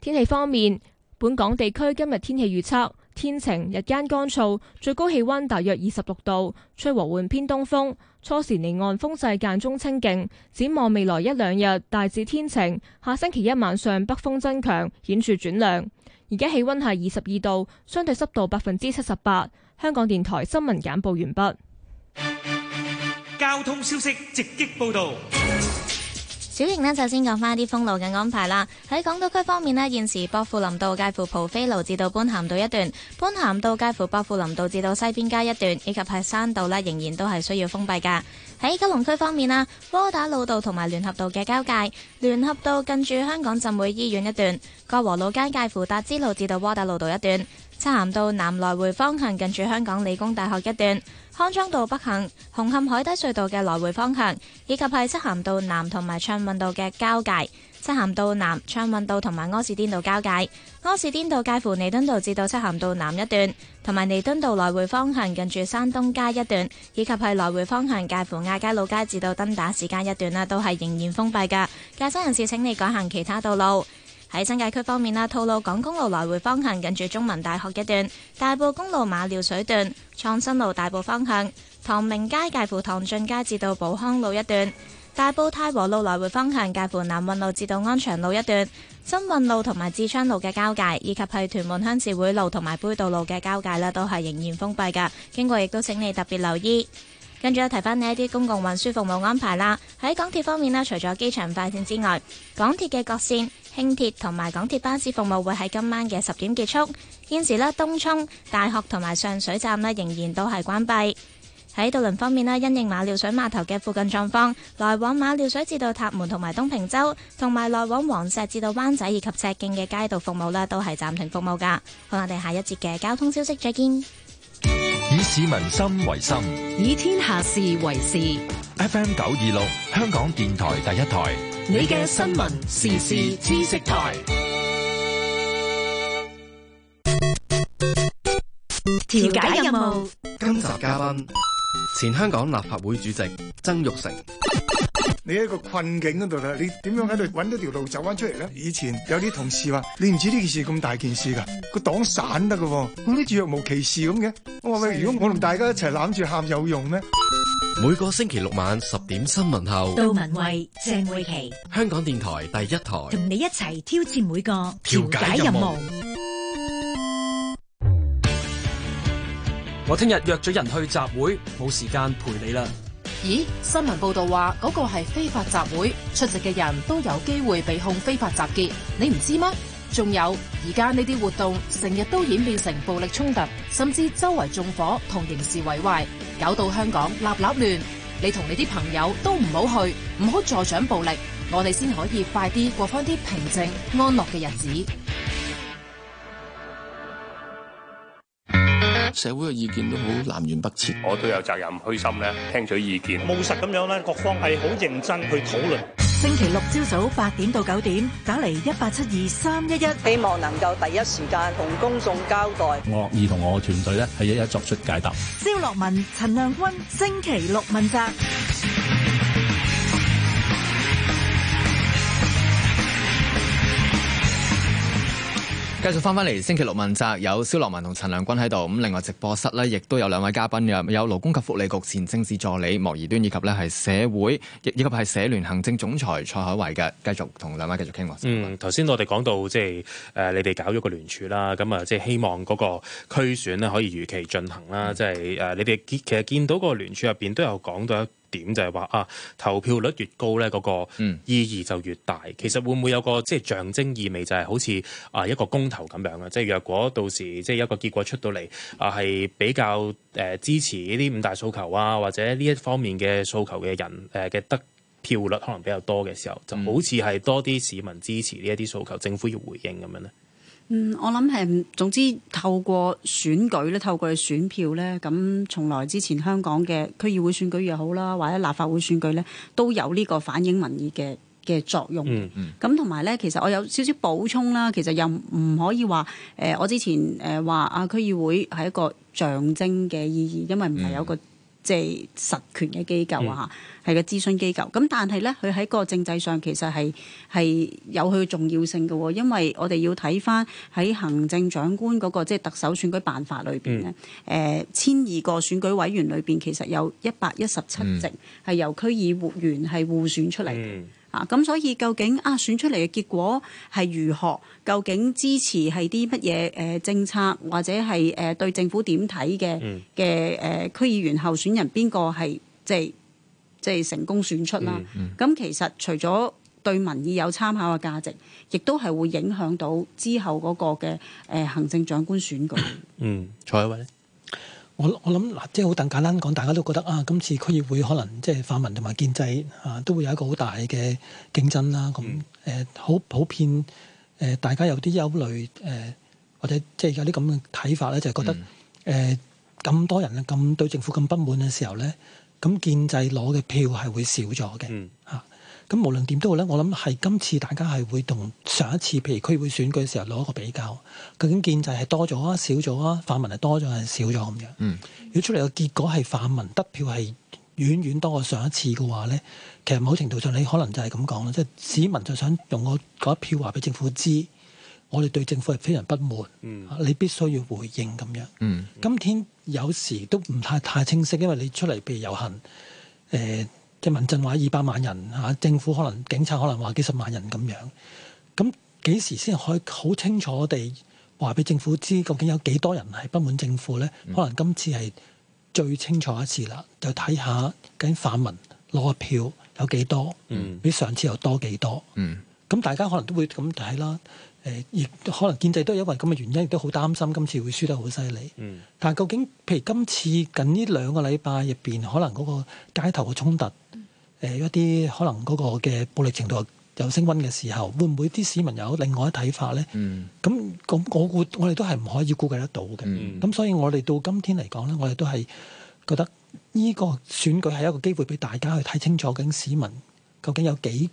天氣方面，本港地區今日天氣預測。天晴，日間乾燥，最高氣溫大約二十六度，吹和緩偏東風。初時離岸風勢間中清勁。展望未來一兩日，大致天晴。下星期一晚上北風增強，顯著轉涼。而家氣溫係二十二度，相對濕度百分之七十八。香港電台新聞簡報完畢。交通消息直擊報道。小瑩呢，就先講翻啲封路嘅安排啦。喺港島區方面呢，現時薄扶林道介乎蒲飛路至到般咸道一段，般咸道介乎薄扶林道至到西邊街一段，以及係山道呢，仍然都係需要封閉噶。喺九龍區方面啊，窩打老道同埋聯合道嘅交界，聯合道近住香港浸會醫院一段，歌和老街介乎達之路至到窩打老道一段，漆咸道南來回方向近住香港理工大學一段。康莊道北行、紅磡海底隧道嘅來回方向，以及係漆咸道南同埋暢運道嘅交界；漆咸道南、暢運道同埋柯士甸道交界，柯士甸道介乎彌敦道至到漆咸道南一段，同埋彌敦道來回方向近住山東街一段，以及係來回方向介乎亞皆老街至到登打士街一段啦，都係仍然封閉噶。駕車人士請你改行其他道路。喺新界區方面啦，吐露港公路來回方向，近住中文大學一段、大埔公路馬料水段、創新路大埔方向、唐明街介乎唐俊街至到寶康路一段、大埔太和路來回方向介乎南運路至到安祥路一段、新運路同埋智昌路嘅交界，以及係屯門鄉事會路同埋杯渡路嘅交界啦，都係仍然封閉嘅。經過亦都請你特別留意。跟住咧，提翻呢一啲公共運輸服務安排啦。喺港鐵方面啦，除咗機場快線之外，港鐵嘅各線。輕鐵同埋港鐵巴士服務會喺今晚嘅十點結束。現時咧，東涌、大學同埋上水站咧，仍然都係關閉。喺渡輪方面咧，因應馬料水碼頭嘅附近狀況，來往馬料水至到塔門同埋東平洲，同埋來往黃石至到灣仔以及赤徑嘅街道服務咧都係暫停服務噶。好，我哋下一節嘅交通消息再見。以市民心為心，以天下事為事。FM 九二六，香港電台第一台，你嘅新聞時事知識台。調解任務，今集嘉賓，前香港立法會主席曾鈺成。你喺個困境嗰度啦，你點樣喺度揾到條路走翻出嚟咧？以前有啲同事話：你唔知呢件事咁大件事噶，個黨散得噶喎，咁你仲若無其事咁嘅？我話喂，了如果我同大家一齊攬住喊有用咩？每個星期六晚十點新聞後，杜文慧、鄭慧琪，香港電台第一台，同你一齊挑戰每個調解任務。任務，我聽日約咗人去集會，冇時間陪你啦。咦，新聞報道話嗰個係非法集會，出席嘅人都有機會被控非法集結，你唔知咩？仲有，而家呢啲活動成日都演變成暴力衝突，甚至周圍縱火同刑事毀壞，搞到香港立立亂。你同你啲朋友都唔好去，唔好助長暴力，我哋先可以快啲過返啲平靜安樂嘅日子。社會嘅意見都好南轅北轍，我都有責任虛心咧聽取意見，務實咁樣咧各方係好認真去討論。星期六朝早八點到九點打嚟一八七二三一一，希望能夠第一時間同公眾交代，樂意同我嘅團隊咧係一一作出解答。蕭洛汶、陳亮均，星期六問責。繼續翻翻嚟，星期六問責，有蕭洛汶同陳亮均喺度，咁另外直播室咧亦都有兩位嘉賓嘅，有勞工及福利局前政治助理莫宜端以，以及咧係社會，亦以及係社聯行政總裁蔡海偉嘅，繼續同兩位繼續傾喎。嗯，頭先我哋講到即係誒、呃，你哋搞咗個聯署啦，咁啊，即係希望嗰個區選咧可以如期進行啦，嗯、即係誒、呃，你哋其實見到個聯署入邊都有講到一。點就係話啊，投票率越高呢嗰、嗰個意義就越大。嗯、其實會唔會有個即係象徵意味，就係好似啊一個公投咁樣咧？即係若果到時即係一個結果出到嚟啊，係比較誒、呃、支持呢啲五大訴求啊，或者呢一方面嘅訴求嘅人誒嘅、呃、得票率可能比較多嘅時候，嗯、就好似係多啲市民支持呢一啲訴求，政府要回應咁樣咧？嗯，我諗係總之透過選舉咧，透過選票咧，咁從來之前香港嘅區議會選舉又好啦，或者立法會選舉咧，都有呢個反映民意嘅嘅作用。咁同埋咧，其實我有少少補充啦，其實又唔可以話誒、呃，我之前誒話啊區議會係一個象徵嘅意義，因為唔係有個，嗯即係實權嘅機構啊，係個、嗯、諮詢機構。咁但係咧，佢喺個政制上其實係係有佢嘅重要性嘅、哦，因為我哋要睇翻喺行政長官嗰、嗰個即係特首選舉辦法裏邊咧，誒千二個選舉委員裏邊，其實有一百一十七席係、嗯、由區議員係互選出嚟。嗯嗯啊！咁所以究竟啊選出嚟嘅結果係如何？究竟支持係啲乜嘢誒政策，或者係誒、呃、對政府點睇嘅嘅誒區議員候選人邊個係即係即係成功選出啦？咁、嗯嗯、其實除咗對民意有參考嘅價值，亦都係會影響到之後嗰個嘅誒、呃、行政長官選舉，嗯，蔡偉咧。我我諗嗱，即係好等簡單講，大家都覺得啊，今次區議會可能即係泛民同埋建制啊，都會有一個好大嘅競爭啦。咁誒，好普遍誒、呃，大家有啲憂慮誒、呃，或者即係有啲咁嘅睇法咧，就係、是、覺得誒咁、嗯呃、多人啊，咁對政府咁不滿嘅時候咧，咁建制攞嘅票係會少咗嘅嚇。嗯啊。咁無論點都好咧，我諗係今次大家係會同上一次，譬如區議會選舉嘅時候攞一個比較，究竟建制係多咗啊，少咗啊？泛民係多咗啊，少咗咁樣。嗯，如果出嚟嘅結果係泛民得票係遠遠多過上一次嘅話咧，其實某程度上你可能就係咁講啦，即係市民就想用我嗰一票話俾政府知，我哋對政府係非常不滿。嗯，你必須要回應咁樣。嗯，今天有時都唔太太清晰，因為你出嚟譬如遊行，誒、呃。即民陣話二百萬人嚇，政府可能警察可能話幾十萬人咁樣，咁幾時先可以好清楚地話俾政府知究竟有幾多人係不滿政府咧？可能今次係最清楚一次啦。就睇下究竟泛民攞票有幾多，比上次又多幾多。咁 大家可能都會咁睇啦。誒，亦可能建制都因為咁嘅原因，亦都好擔心今次會輸得好犀利。但係究竟譬如今次近呢兩個禮拜入邊，可能嗰個街頭嘅衝突誒、呃、一啲可能嗰個嘅暴力程度有升溫嘅時候，會唔會啲市民有另外嘅睇法咧？咁咁、mm. 我估我哋都係唔可以估計得到嘅。咁、mm. 所以我哋到今天嚟講咧，我哋都係覺得呢個選舉係一個機會俾大家去睇清楚，究竟市民究竟有幾？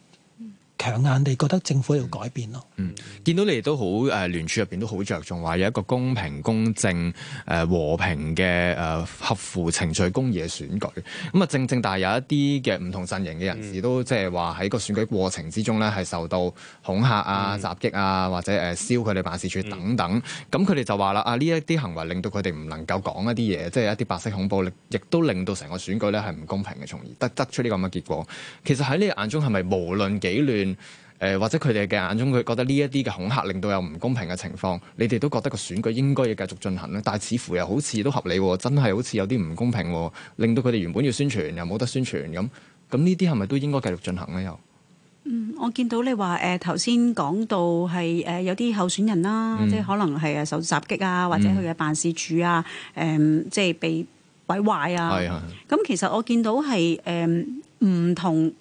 強硬地覺得政府要改變咯、嗯。嗯，見到你哋都好誒、呃，聯署入邊都好着重，話有一個公平、公正、誒、呃、和平嘅誒、呃、合乎程序、公義嘅選舉。咁、嗯、啊，嗯、正正大有一啲嘅唔同陣營嘅人士都即係話喺個選舉過程之中咧，係受到恐嚇啊、襲擊啊，或者誒、呃、燒佢哋辦事處等等。咁佢哋就話啦，啊呢一啲行為令到佢哋唔能夠講一啲嘢，即、就、係、是、一啲白色恐怖，亦亦都令到成個選舉咧係唔公平嘅，從而得得出呢個咁嘅結果。其實喺你眼中係咪無論幾亂？誒，或者佢哋嘅眼中，佢覺得呢一啲嘅恐嚇令到有唔公平嘅情況，你哋都覺得個選舉應該要繼續進行咧？但係似乎又好似都合理，真係好似有啲唔公平，令到佢哋原本要宣傳又冇得宣傳咁。咁呢啲係咪都應該繼續進行咧？又嗯，我見到你話誒，頭先講到係誒、呃，有啲候選人啦、啊，嗯、即係可能係受襲擊啊，或者佢嘅辦事處啊，誒、嗯呃，即係被毀壞啊。係咁的其實我見到係誒，唔、呃、同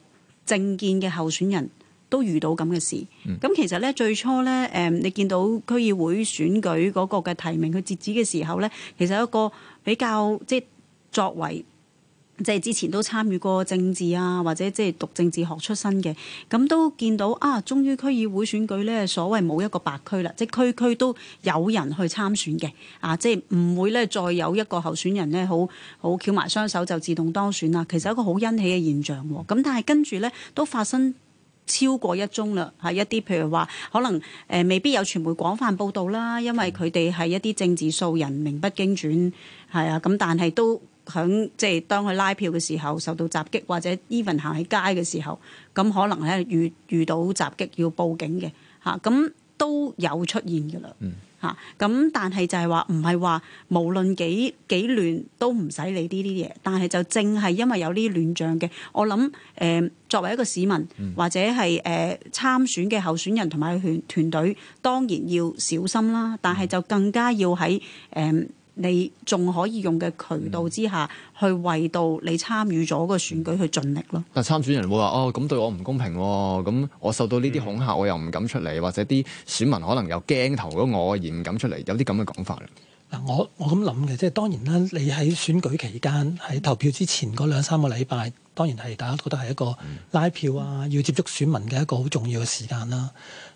政見嘅候選人。都遇到咁嘅事，咁、嗯、其實咧最初咧，誒你見到區議會選舉嗰個嘅提名，佢截止嘅時候咧，其實一個比較即係、就是、作為即係、就是、之前都參與過政治啊，或者即係讀政治學出身嘅，咁都見到啊，終於區議會選舉咧，所謂冇一個白區啦，即係區區都有人去參選嘅，啊，即係唔會咧再有一個候選人咧好好翹埋雙手就自動當選啦，其實一個好欣喜嘅現象喎，咁、嗯嗯、但係跟住咧都發生。超過一宗啦，係一啲譬如話，可能誒、呃、未必有傳媒廣泛報道啦，因為佢哋係一啲政治素人，名不經傳，係啊，咁但係都響即係當佢拉票嘅時候受到襲擊，或者 even 行喺街嘅時候，咁可能咧遇遇到襲擊要報警嘅，嚇、啊、咁都有出現㗎喇。嗯嚇！咁但係就係話唔係話無論幾幾亂都唔使理呢啲嘢。但係就正係因為有呢啲亂象嘅，我諗誒、呃、作為一個市民或者係誒、呃、參選嘅候選人同埋團團隊，當然要小心啦。但係就更加要喺誒、呃你仲可以用嘅渠道之下、嗯、去為到你參與咗個選舉去盡力咯。嗯、但係參選人會話哦，咁對我唔公平喎、哦，咁我受到呢啲恐嚇，我又唔敢出嚟，嗯、或者啲選民可能又驚投咗我而唔敢出嚟，有啲咁嘅講法。嗱，我我咁諗嘅，即係當然啦。你喺選舉期間，喺投票之前嗰兩三個禮拜，當然係大家覺得係一個拉票啊，要接觸選民嘅一個好重要嘅時間啦。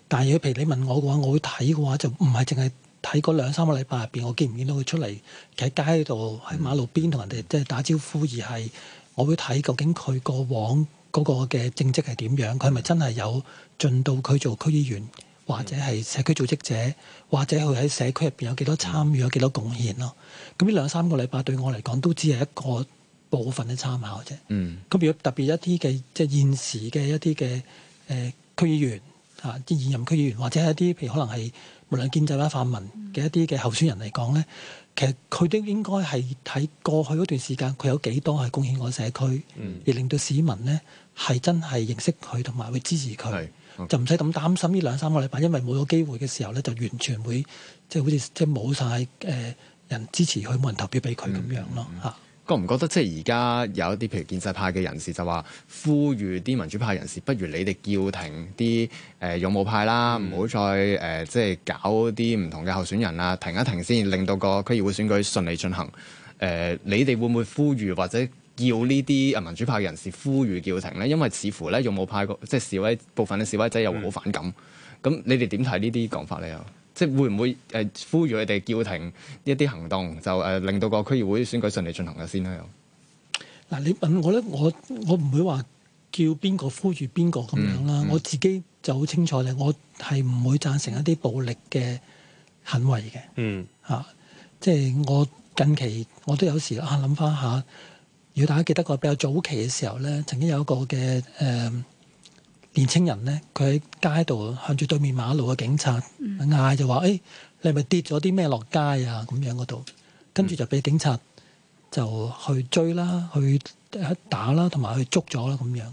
但係如果譬如你問我嘅話，我會睇嘅話，就唔係淨係，睇嗰兩三個禮拜入邊，我見唔見到佢出嚟，喺街度、喺馬路邊同人哋即係打招呼，而係我會睇究竟佢過往嗰個嘅政績係點樣，佢係咪真係有進到佢做區議員，或者係社區組織者，或者佢喺社區入邊有幾多參與、有幾多貢獻咯。咁呢兩三個禮拜對我嚟講都只係一個部分嘅參考啫。嗯。咁如果特別一啲嘅，即係現時嘅一啲嘅誒區議員啊，即現任區議員，或者係一啲譬如可能係。無論建制派、泛民嘅一啲嘅候選人嚟講咧，其實佢都應該係睇過去嗰段時間，佢有幾多係貢獻我社區，嗯、而令到市民咧係真係認識佢同埋會支持佢，okay. 就唔使咁擔心呢兩三個禮拜，因為冇咗機會嘅時候咧，就完全會即係、就是、好似即係冇晒誒人支持佢，冇人投票俾佢咁樣咯嚇。嗯覺唔覺得即係而家有一啲譬如建制派嘅人士就話呼籲啲民主派人士，不如你哋叫停啲誒勇武派啦，唔好、嗯、再誒、呃、即係搞啲唔同嘅候選人啊，停一停先，令到個區議會選舉順利進行。誒、呃，你哋會唔會呼籲或者叫呢啲民主派嘅人士呼籲叫停咧？因為似乎咧勇武派個即係示威部分嘅示威仔又會好反感。咁、嗯、你哋點睇呢啲講法咧？又。即係會唔會誒呼籲佢哋叫停一啲行動，就誒、呃、令到各個區議會選舉順利進行嘅先啦。嗱，你問我咧，我我唔會話叫邊個呼籲邊個咁樣啦。嗯嗯、我自己就好清楚咧，我係唔會贊成一啲暴力嘅行為嘅。嗯，嚇、啊，即係我近期我都有時啊諗翻下，如果大家記得個比較早期嘅時候咧，曾經有一個嘅誒。呃年青人咧，佢喺街度向住對面馬路嘅警察嗌就話，誒、嗯欸，你咪跌咗啲咩落街啊？咁樣嗰度，跟住就俾警察就去追啦，去打啦，同埋去捉咗啦咁樣。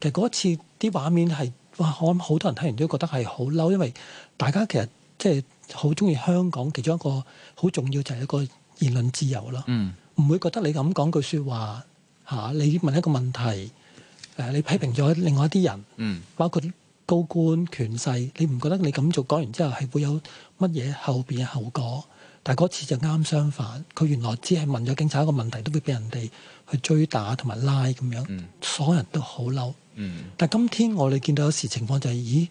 其實嗰次啲畫面係，哇！我諗好多人睇完都覺得係好嬲，因為大家其實即係好中意香港，其中一個好重要就係一個言論自由啦。唔、嗯、會覺得你咁講句説話嚇，你問一個問題。誒，你批評咗另外一啲人，嗯、包括高官權勢，你唔覺得你咁做講完之後係會有乜嘢後邊嘅後果？但係嗰次就啱相反，佢原來只係問咗警察一個問題，都會俾人哋去追打同埋拉咁樣，嗯、所有人都好嬲。嗯、但係今天我哋見到有時情況就係、是，咦？誒、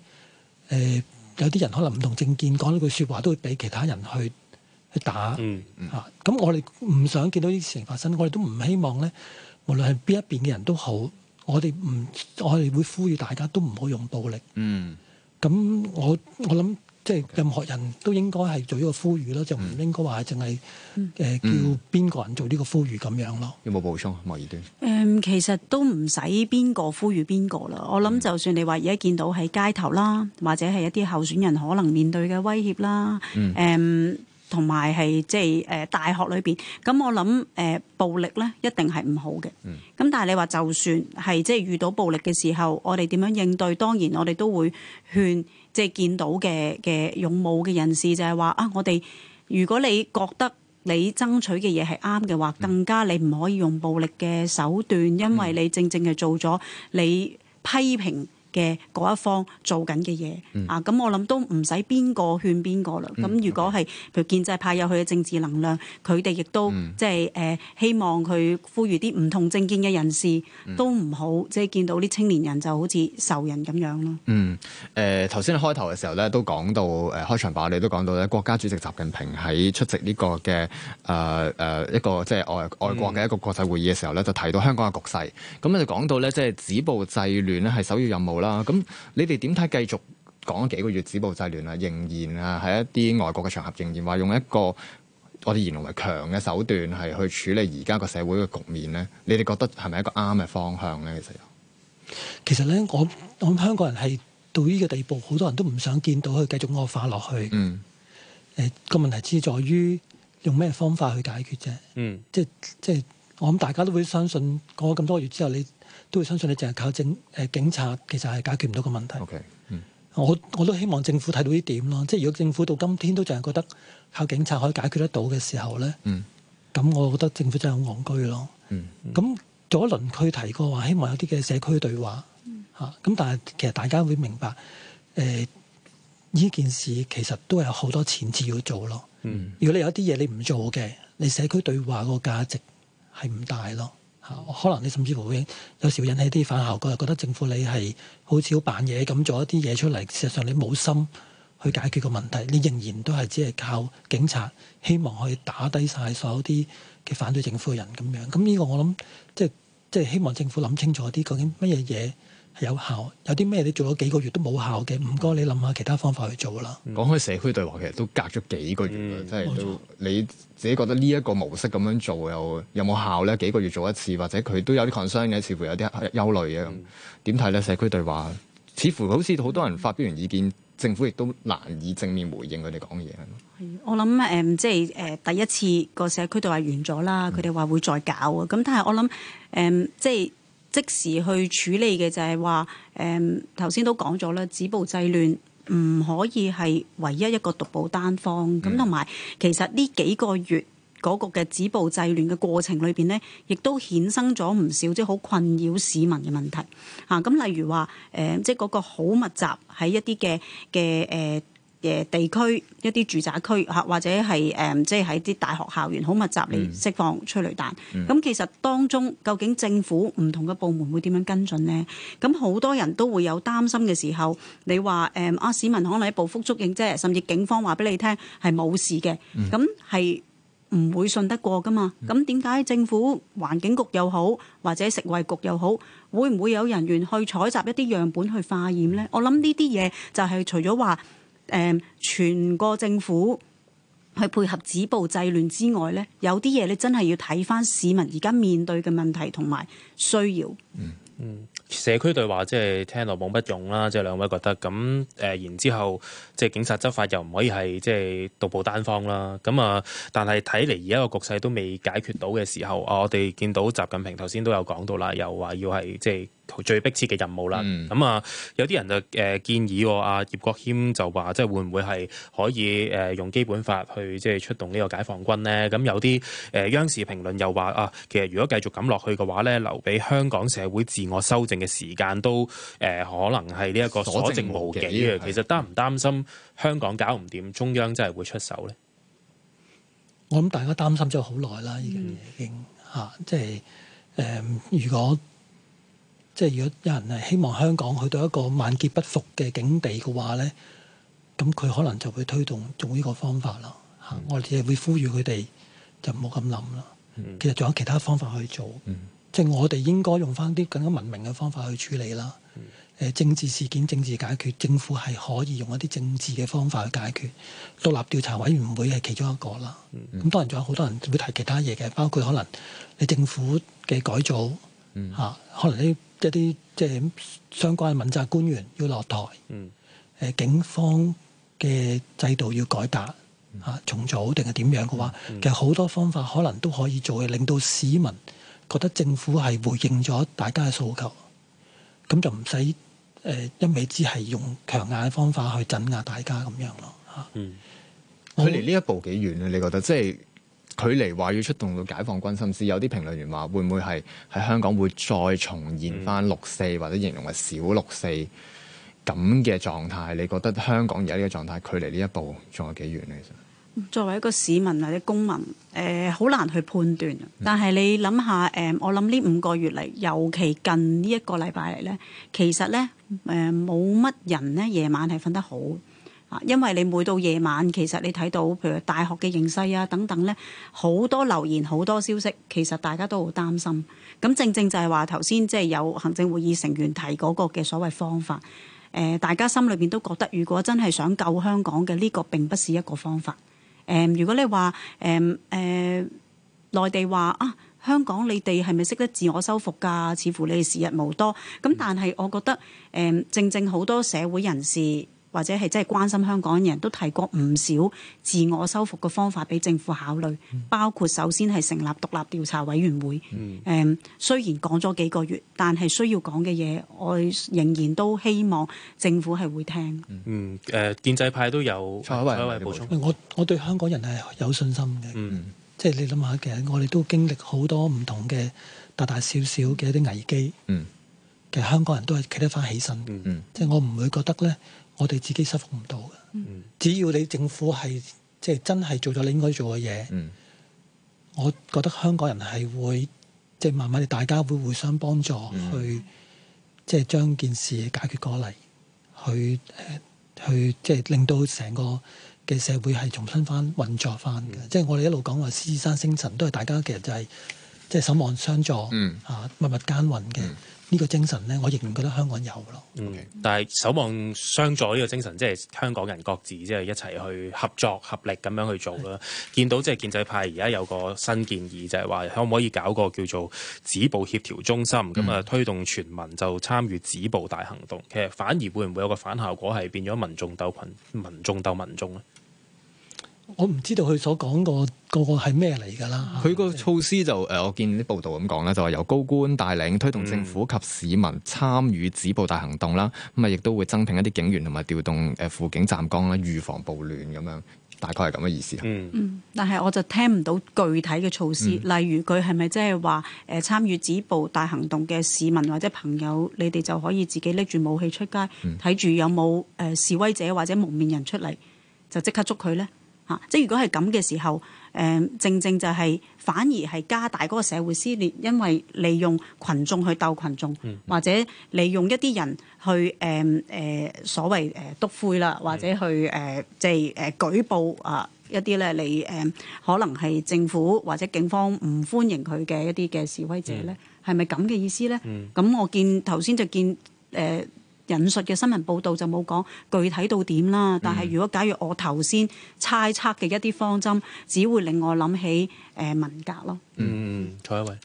呃，有啲人可能唔同政見講一句説話，都會俾其他人去去打吓。咁、嗯嗯啊、我哋唔想見到呢啲事情發生，我哋都唔希望咧，無論係邊一邊嘅人都好。我哋唔，我哋會呼籲大家都唔好用暴力。嗯，咁我我諗即係任何人都應該係做呢個呼籲咯，嗯、就唔應該話淨係誒叫邊個人做呢個呼籲咁樣咯。有冇補充啊？莫宜端，誒，其實都唔使邊個呼籲邊個啦。我諗就算你話而家見到喺街頭啦，或者係一啲候選人可能面對嘅威脅啦，誒、嗯。嗯嗯同埋係即係誒大學裏邊，咁我諗誒、呃、暴力咧一定係唔好嘅。咁、嗯、但係你話就算係即係遇到暴力嘅時候，我哋點樣應對？當然我哋都會勸即係見到嘅嘅勇武嘅人士就，就係話啊，我哋如果你覺得你爭取嘅嘢係啱嘅話，更加你唔可以用暴力嘅手段，因為你正正係做咗你批評嘅嗰一方做緊嘅嘢啊，咁我諗都唔使邊個勸邊個啦。咁、嗯、如果係譬如建制派有佢嘅政治能量，佢哋亦都即係誒希望佢呼籲啲唔同政見嘅人士、嗯、都唔好即係見到啲青年人就好似仇人咁樣咯。嗯，誒頭先開頭嘅時候咧都講到誒、呃、開場白，你都講到咧國家主席習近平喺出席呢個嘅誒誒一個即係外外國嘅一個國際會議嘅時候咧，就提到香港嘅局勢，咁就講到咧即係止暴制亂咧係首要，首要任務。啦，咁你哋點睇？繼續講咗幾個月止暴制亂啊，仍然啊喺一啲外國嘅場合，仍然話用一個我哋形容為強嘅手段，係去處理而家個社會嘅局面咧？你哋覺得係咪一個啱嘅方向咧？其實，其實咧，我我諗香港人係到呢個地步，好多人都唔想見到佢繼續惡化落去。嗯、呃。誒、這，個問題之在於用咩方法去解決啫？嗯即。即即我諗大家都會相信，講咗咁多月之後，你。都會相信，你淨係靠警、誒警察，其實係解決唔到個問題。O、okay. K，、mm hmm. 我我都希望政府睇到啲點咯，即係如果政府到今天都淨係覺得靠警察可以解決得到嘅時候咧，嗯、mm，咁、hmm. 我覺得政府真係好戇居咯。嗯、mm，咁、hmm. 做一輪佢提過話，希望有啲嘅社區對話，吓咁、mm，hmm. 但係其實大家會明白誒，呢、呃、件事其實都有好多前置要做咯。Mm hmm. 如果你有一啲嘢你唔做嘅，你社區對話個價值係唔大咯。嗯、可能你甚至乎會有時引起啲反效果，又覺得政府你係好似好扮嘢咁做一啲嘢出嚟，事實上你冇心去解決個問題，你仍然都係只係靠警察，希望去打低晒所有啲嘅反對政府嘅人咁樣。咁呢個我諗，即係即係希望政府諗清楚啲，究竟乜嘢嘢？有效有啲咩？你做咗幾個月都冇效嘅，唔該你諗下其他方法去做啦。講開、嗯、社區對話，其實都隔咗幾個月啦，即係、嗯、錯你自己覺得呢一個模式咁樣做又有冇效咧？幾個月做一次，或者佢都有啲 concern 嘅，似乎有啲憂慮嘅。點睇咧？社區對話似乎好似好多人發表完意見，政府亦都難以正面回應佢哋講嘢。係我諗誒、嗯，即係誒、呃、第一次個社區對話完咗啦，佢哋話會再搞，咁但係我諗誒、嗯，即係。即時去處理嘅就係話，誒頭先都講咗啦，止暴制亂唔可以係唯一一個獨步單方咁，同埋、嗯、其實呢幾個月嗰個嘅止暴制亂嘅過程裏邊咧，亦都衍生咗唔少即係好困擾市民嘅問題啊！咁例如話，誒即係嗰個好密集喺一啲嘅嘅誒。嘅地區一啲住宅區吓，或者係誒、呃，即係喺啲大學校園好密集嚟、嗯、釋放催淚彈。咁、嗯、其實當中究竟政府唔同嘅部門會點樣跟進呢？咁好多人都會有擔心嘅時候，你話誒、呃、啊，市民可能喺捕風捉影啫，甚至警方話俾你聽係冇事嘅，咁係唔會信得過㗎嘛？咁點解政府環境局又好，或者食衞局又好，會唔會有人員去採集一啲樣本去化驗呢？我諗呢啲嘢就係除咗話。誒，全個政府去配合止暴制亂之外咧，有啲嘢你真係要睇返市民而家面對嘅問題同埋需要。嗯嗯，社區對話即係、就是、聽落冇乜用啦，即、就、係、是、兩位覺得咁誒、呃，然之後即係、就是、警察執法又唔可以係即係獨步單方啦。咁啊，但係睇嚟而家個局勢都未解決到嘅時候，我哋見到習近平頭先都有講到啦，又話要係即係。就是最迫切嘅任務啦，咁啊、嗯嗯、有啲人就誒、呃、建議我啊葉國謙就話，即係會唔會係可以誒、呃、用基本法去即係出動呢個解放軍咧？咁有啲誒、呃、央視評論又話啊，其實如果繼續咁落去嘅話咧，留俾香港社會自我修正嘅時間都誒、呃、可能係呢一個所剩無幾嘅。幾其實擔唔擔心香港搞唔掂，中央真係會出手咧？我諗大家擔心咗好耐啦，依件嘢已經嚇、嗯，即係誒、嗯、如果。即係如果有人係希望香港去到一個萬劫不復嘅境地嘅話咧，咁佢可能就會推動做呢個方法咯嚇。嗯、我哋係會呼籲佢哋就唔好咁諗啦。嗯、其實仲有其他方法去做，嗯、即係我哋應該用翻啲更加文明嘅方法去處理啦。誒、嗯呃、政治事件，政治解決，政府係可以用一啲政治嘅方法去解決。獨立調查委員會係其中一個啦。咁、嗯嗯、當然仲有好多人會提其他嘢嘅，包括可能你政府嘅改造嚇、啊，可能啲。一啲即係相關嘅問責官員要落台，誒、嗯呃、警方嘅制度要改革嚇、啊、重組定係點樣嘅話，嗯、其實好多方法可能都可以做，令到市民覺得政府係回應咗大家嘅訴求，咁就唔使誒一味只係用強硬嘅方法去鎮壓大家咁樣咯嚇。佢離呢一步幾遠啊，你覺得即係。距離話要出動到解放軍，甚至有啲評論員話會唔會係喺香港會再重現翻六四或者形容為小六四咁嘅狀態？你覺得香港而家呢個狀態距離呢一步仲有幾遠呢？其實作為一個市民或者公民，誒好難去判斷。但係你諗下，誒我諗呢五個月嚟，尤其近呢一個禮拜嚟咧，其實咧誒冇乜人咧夜晚係瞓得好。因為你每到夜晚，其實你睇到譬如大學嘅形勢啊等等咧，好多留言好多消息，其實大家都好擔心。咁正正就係話頭先，即係有行政會議成員提嗰個嘅所謂方法。誒、呃，大家心裏邊都覺得，如果真係想救香港嘅呢、這個，並不是一個方法。誒、呃，如果你話誒誒內地話啊，香港你哋係咪識得自我修復㗎？似乎你哋時日無多。咁但係我覺得誒、呃，正正好多社會人士。或者係真係關心香港人都提過唔少自我修復嘅方法俾政府考慮，嗯、包括首先係成立獨立調查委員會。誒、嗯嗯，雖然講咗幾個月，但係需要講嘅嘢，我仍然都希望政府係會聽。嗯誒、呃，建制派都有補充。我我對香港人係有信心嘅。嗯，即係你諗下，其實我哋都經歷好多唔同嘅大大小小嘅一啲危機。嗯，其實香港人都係企得翻起身。嗯，嗯即係我唔會覺得呢。我哋自己修復唔到嘅，嗯、只要你政府係即係真係做咗你應該做嘅嘢，嗯、我覺得香港人係會即係、就是、慢慢哋大家會互相幫助去，去即係將件事解決過嚟，去、呃、去即係令到成個嘅社會係重新翻運作翻嘅。即係、嗯、我哋一路講話獅子山精神，都係大家其實就係即係守望相助，吓默默耕耘嘅。啊密密密呢個精神呢，我亦唔覺得香港有咯。嗯，但係守望相助呢個精神，即係香港人各自即係一齊去合作合力咁樣去做啦。是見到即係建制派而家有個新建議，就係、是、話可唔可以搞個叫做止暴協調中心，咁啊推動全民就參與止暴大行動。嗯、其實反而會唔會有個反效果，係變咗民眾鬥群、民眾鬥民眾咧？我唔知道佢所講個個個係咩嚟㗎啦。佢個、啊、措施就誒，我見啲報道咁講啦，就話由高官帶領推動政府及市民參與止暴大行動啦。咁啊、嗯，亦都會增聘一啲警員同埋調動誒輔警站崗啦，預防暴亂咁樣。大概係咁嘅意思。嗯嗯、但係我就聽唔到具體嘅措施，嗯、例如佢係咪即係話誒參與止暴大行動嘅市民或者朋友，你哋就可以自己拎住武器出街睇住有冇誒示威者或者蒙面人出嚟，就即刻捉佢呢。即係如果係咁嘅時候，誒、呃、正正就係反而係加大嗰個社會撕裂，因為利用群眾去鬥群眾，嗯、或者利用一啲人去誒誒、呃、所謂誒篤灰啦，或者去誒即係誒舉報啊、呃、一啲咧，你、呃、誒可能係政府或者警方唔歡迎佢嘅一啲嘅示威者咧，係咪咁嘅意思咧？咁、嗯、我見頭先就見誒。呃引述嘅新聞報導就冇講具體到點啦，但係如果假如我頭先猜測嘅一啲方針，只會令我諗起誒文革咯。嗯，坐一位，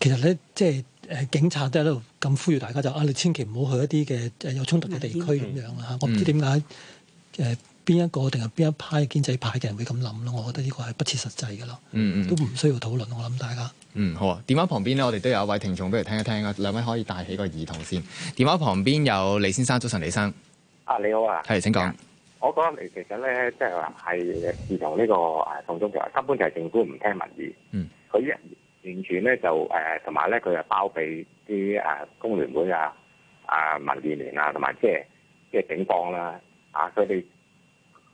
其實咧，即係誒警察都喺度咁呼籲大家就啊，你千祈唔好去一啲嘅誒有衝突嘅地區咁樣啊！嚇，我唔知點解誒。嗯呃邊一個定係邊一派建制派嘅人會咁諗咯？我覺得呢個係不切實際嘅咯，嗯嗯，都唔需要討論。我諗大家，嗯好啊。電話旁邊咧，我哋都有一位聽眾俾嚟聽一聽啊。兩位可以帶起個議題先。電話旁邊有李先生，早晨，李生啊，你好啊，係請講、啊。我講嚟其實咧，即係話係童呢個啊，送中嘅話根本就係政府唔聽民意。嗯，佢完完全咧就誒，同埋咧佢又包庇啲啊工聯會啊啊民建聯啊，同埋即係即係警方啦啊，佢哋。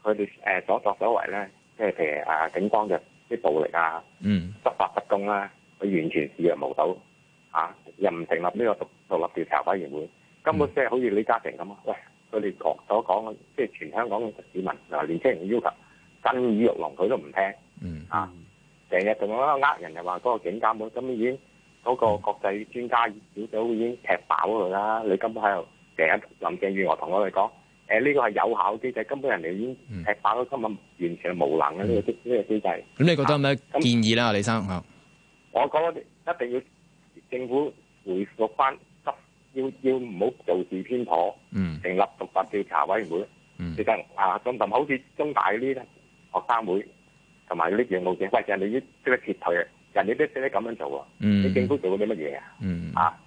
佢哋誒所作所為咧，即係譬如啊，警方嘅啲暴力啊、嗯、執法不公啦、啊，佢完全視若無睹嚇、啊，又唔成立呢個獨獨立調查委員會，根本、哎、即係好似李嘉誠咁啊！佢哋所講即係全香港嘅市民啊，年輕人要求震耳欲聾，佢都唔聽嚇，成日仲喺度呃人，又話嗰個警監會，根本已經嗰、嗰個國際專家小組已經踢爆佢啦。你根本喺度成日林鄭月娥同我哋講。誒呢個係有效嘅機制，根本人哋已經踢爆咗，今日，完全係無能嘅呢、嗯、這個呢、這個機制。咁你覺得有咩建議啦？李生、啊、我覺得一定要政府回覆翻，執要要唔好做事偏頗，嗯、成立獨立調查委員會。其實、嗯、啊，最好似中大嗰啲學生會同埋嗰啲業務嘅，喂人哋要即刻撤退，人哋都識得咁樣做啊！嗯、你政府做過啲乜嘢啊？啊！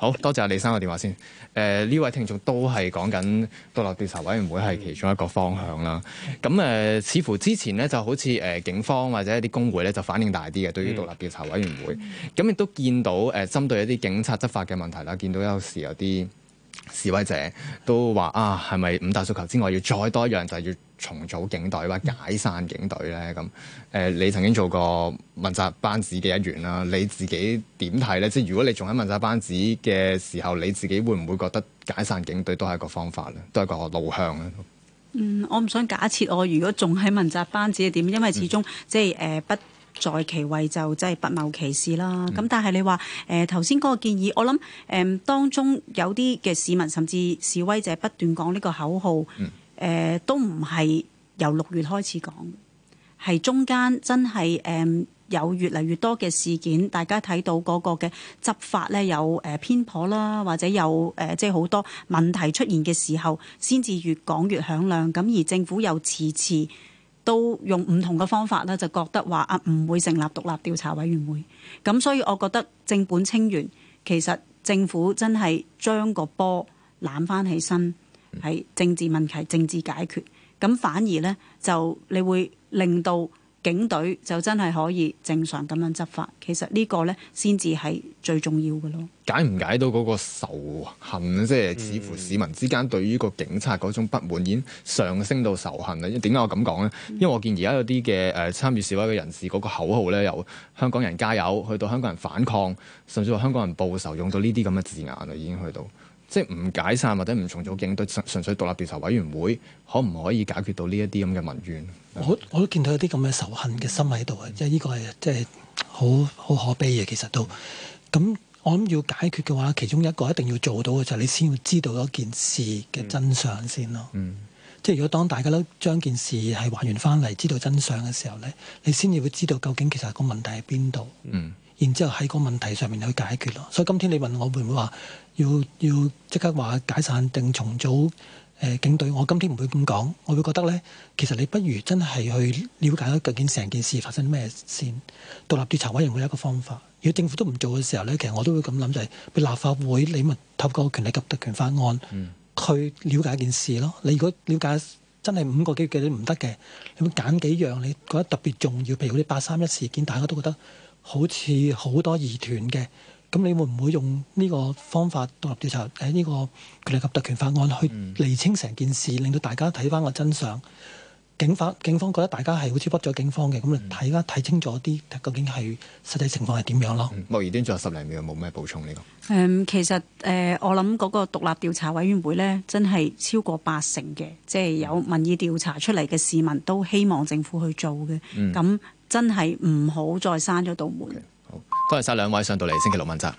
好多謝阿李生個電話先。誒、呃、呢位聽眾都係講緊獨立調查委員會係其中一個方向啦。咁誒、嗯呃、似乎之前咧就好似誒、呃、警方或者一啲工會咧就反應大啲嘅，對於獨立調查委員會。咁亦、嗯、都見到誒針、呃、對一啲警察執法嘅問題啦，見到有時有啲。示威者都話啊，係咪五大訴求之外，要再多一樣就係要重組警隊或解散警隊咧？咁誒、呃，你曾經做過問責班子嘅一員啦，你自己點睇咧？即係如果你仲喺問責班子嘅時候，你自己會唔會覺得解散警隊都係一個方法咧，都係一個路向咧？嗯，我唔想假設我如果仲喺問責班子係點，因為始終、嗯、即係誒、呃、不。在其位就真係不謀其事啦。咁、嗯、但係你話誒頭先嗰個建議，我諗誒、呃、當中有啲嘅市民甚至示威者不斷講呢個口號誒、嗯呃、都唔係由六月開始講，係中間真係誒、呃、有越嚟越多嘅事件，大家睇到嗰個嘅執法咧有誒、呃、偏頗啦，或者有誒、呃、即係好多問題出現嘅時候，先至越講越響亮。咁而政府又遲遲。都用唔同嘅方法咧，就覺得話啊唔會成立獨立調查委員會，咁所以我覺得正本清源，其實政府真係將個波攬翻起身，係政治問題政治解決，咁反而咧就你會令到。警隊就真係可以正常咁樣執法，其實呢個呢，先至係最重要嘅咯。解唔解到嗰個仇恨，即係似乎市民之間對於個警察嗰種不滿已經上升到仇恨啦。點解我咁講呢？因為我見而家有啲嘅誒參與示威嘅人士嗰個口號呢，由香港人加油去到香港人反抗，甚至話香港人報仇，用到呢啲咁嘅字眼喇，已經去到。即係唔解散或者唔重組警隊，純粹獨立調查委員會，可唔可以解決到呢一啲咁嘅民怨？是是我我都見到有啲咁嘅仇恨嘅心喺度嘅，即係呢個係即係好好可悲嘅，其實都咁。我諗要解決嘅話，其中一個一定要做到嘅就係你先要知道一件事嘅真相先咯。嗯嗯、即係如果當大家都將件事係還原翻嚟，知道真相嘅時候咧，你先至會知道究竟其實個問題喺邊度。嗯、然之後喺個問題上面去解決咯。所以今天你問我會唔會話？要要即刻話解散定重組誒、呃、警隊？我今天唔會咁講，我會覺得呢，其實你不如真係去了解下究竟成件事發生咩先。獨立調查委員會有一個方法，如果政府都唔做嘅時候呢，其實我都會咁諗就係、是，立法會你咪透過權力及特權法案、嗯、去了解件事咯。你如果了解真係五個幾個月你唔得嘅，你會揀幾樣你覺得特別重要，譬如嗰啲八三一事件，大家都覺得好似好多疑團嘅。咁你會唔會用呢個方法獨立調查喺呢、這個權力及特權法案去釐清成件事，令到大家睇翻個真相？警法警方覺得大家係好似屈咗警方嘅，咁、嗯、你睇啦，睇清楚啲究竟係實際情況係點樣咯。莫、嗯、宜端仲有十零秒，冇咩補充呢、這個？誒、嗯，其實誒、呃，我諗嗰個獨立調查委員會咧，真係超過八成嘅，即係有民意調查出嚟嘅市民都希望政府去做嘅。咁、嗯、真係唔好再閂咗道門。Okay. 多謝晒兩位上到嚟星期六問責。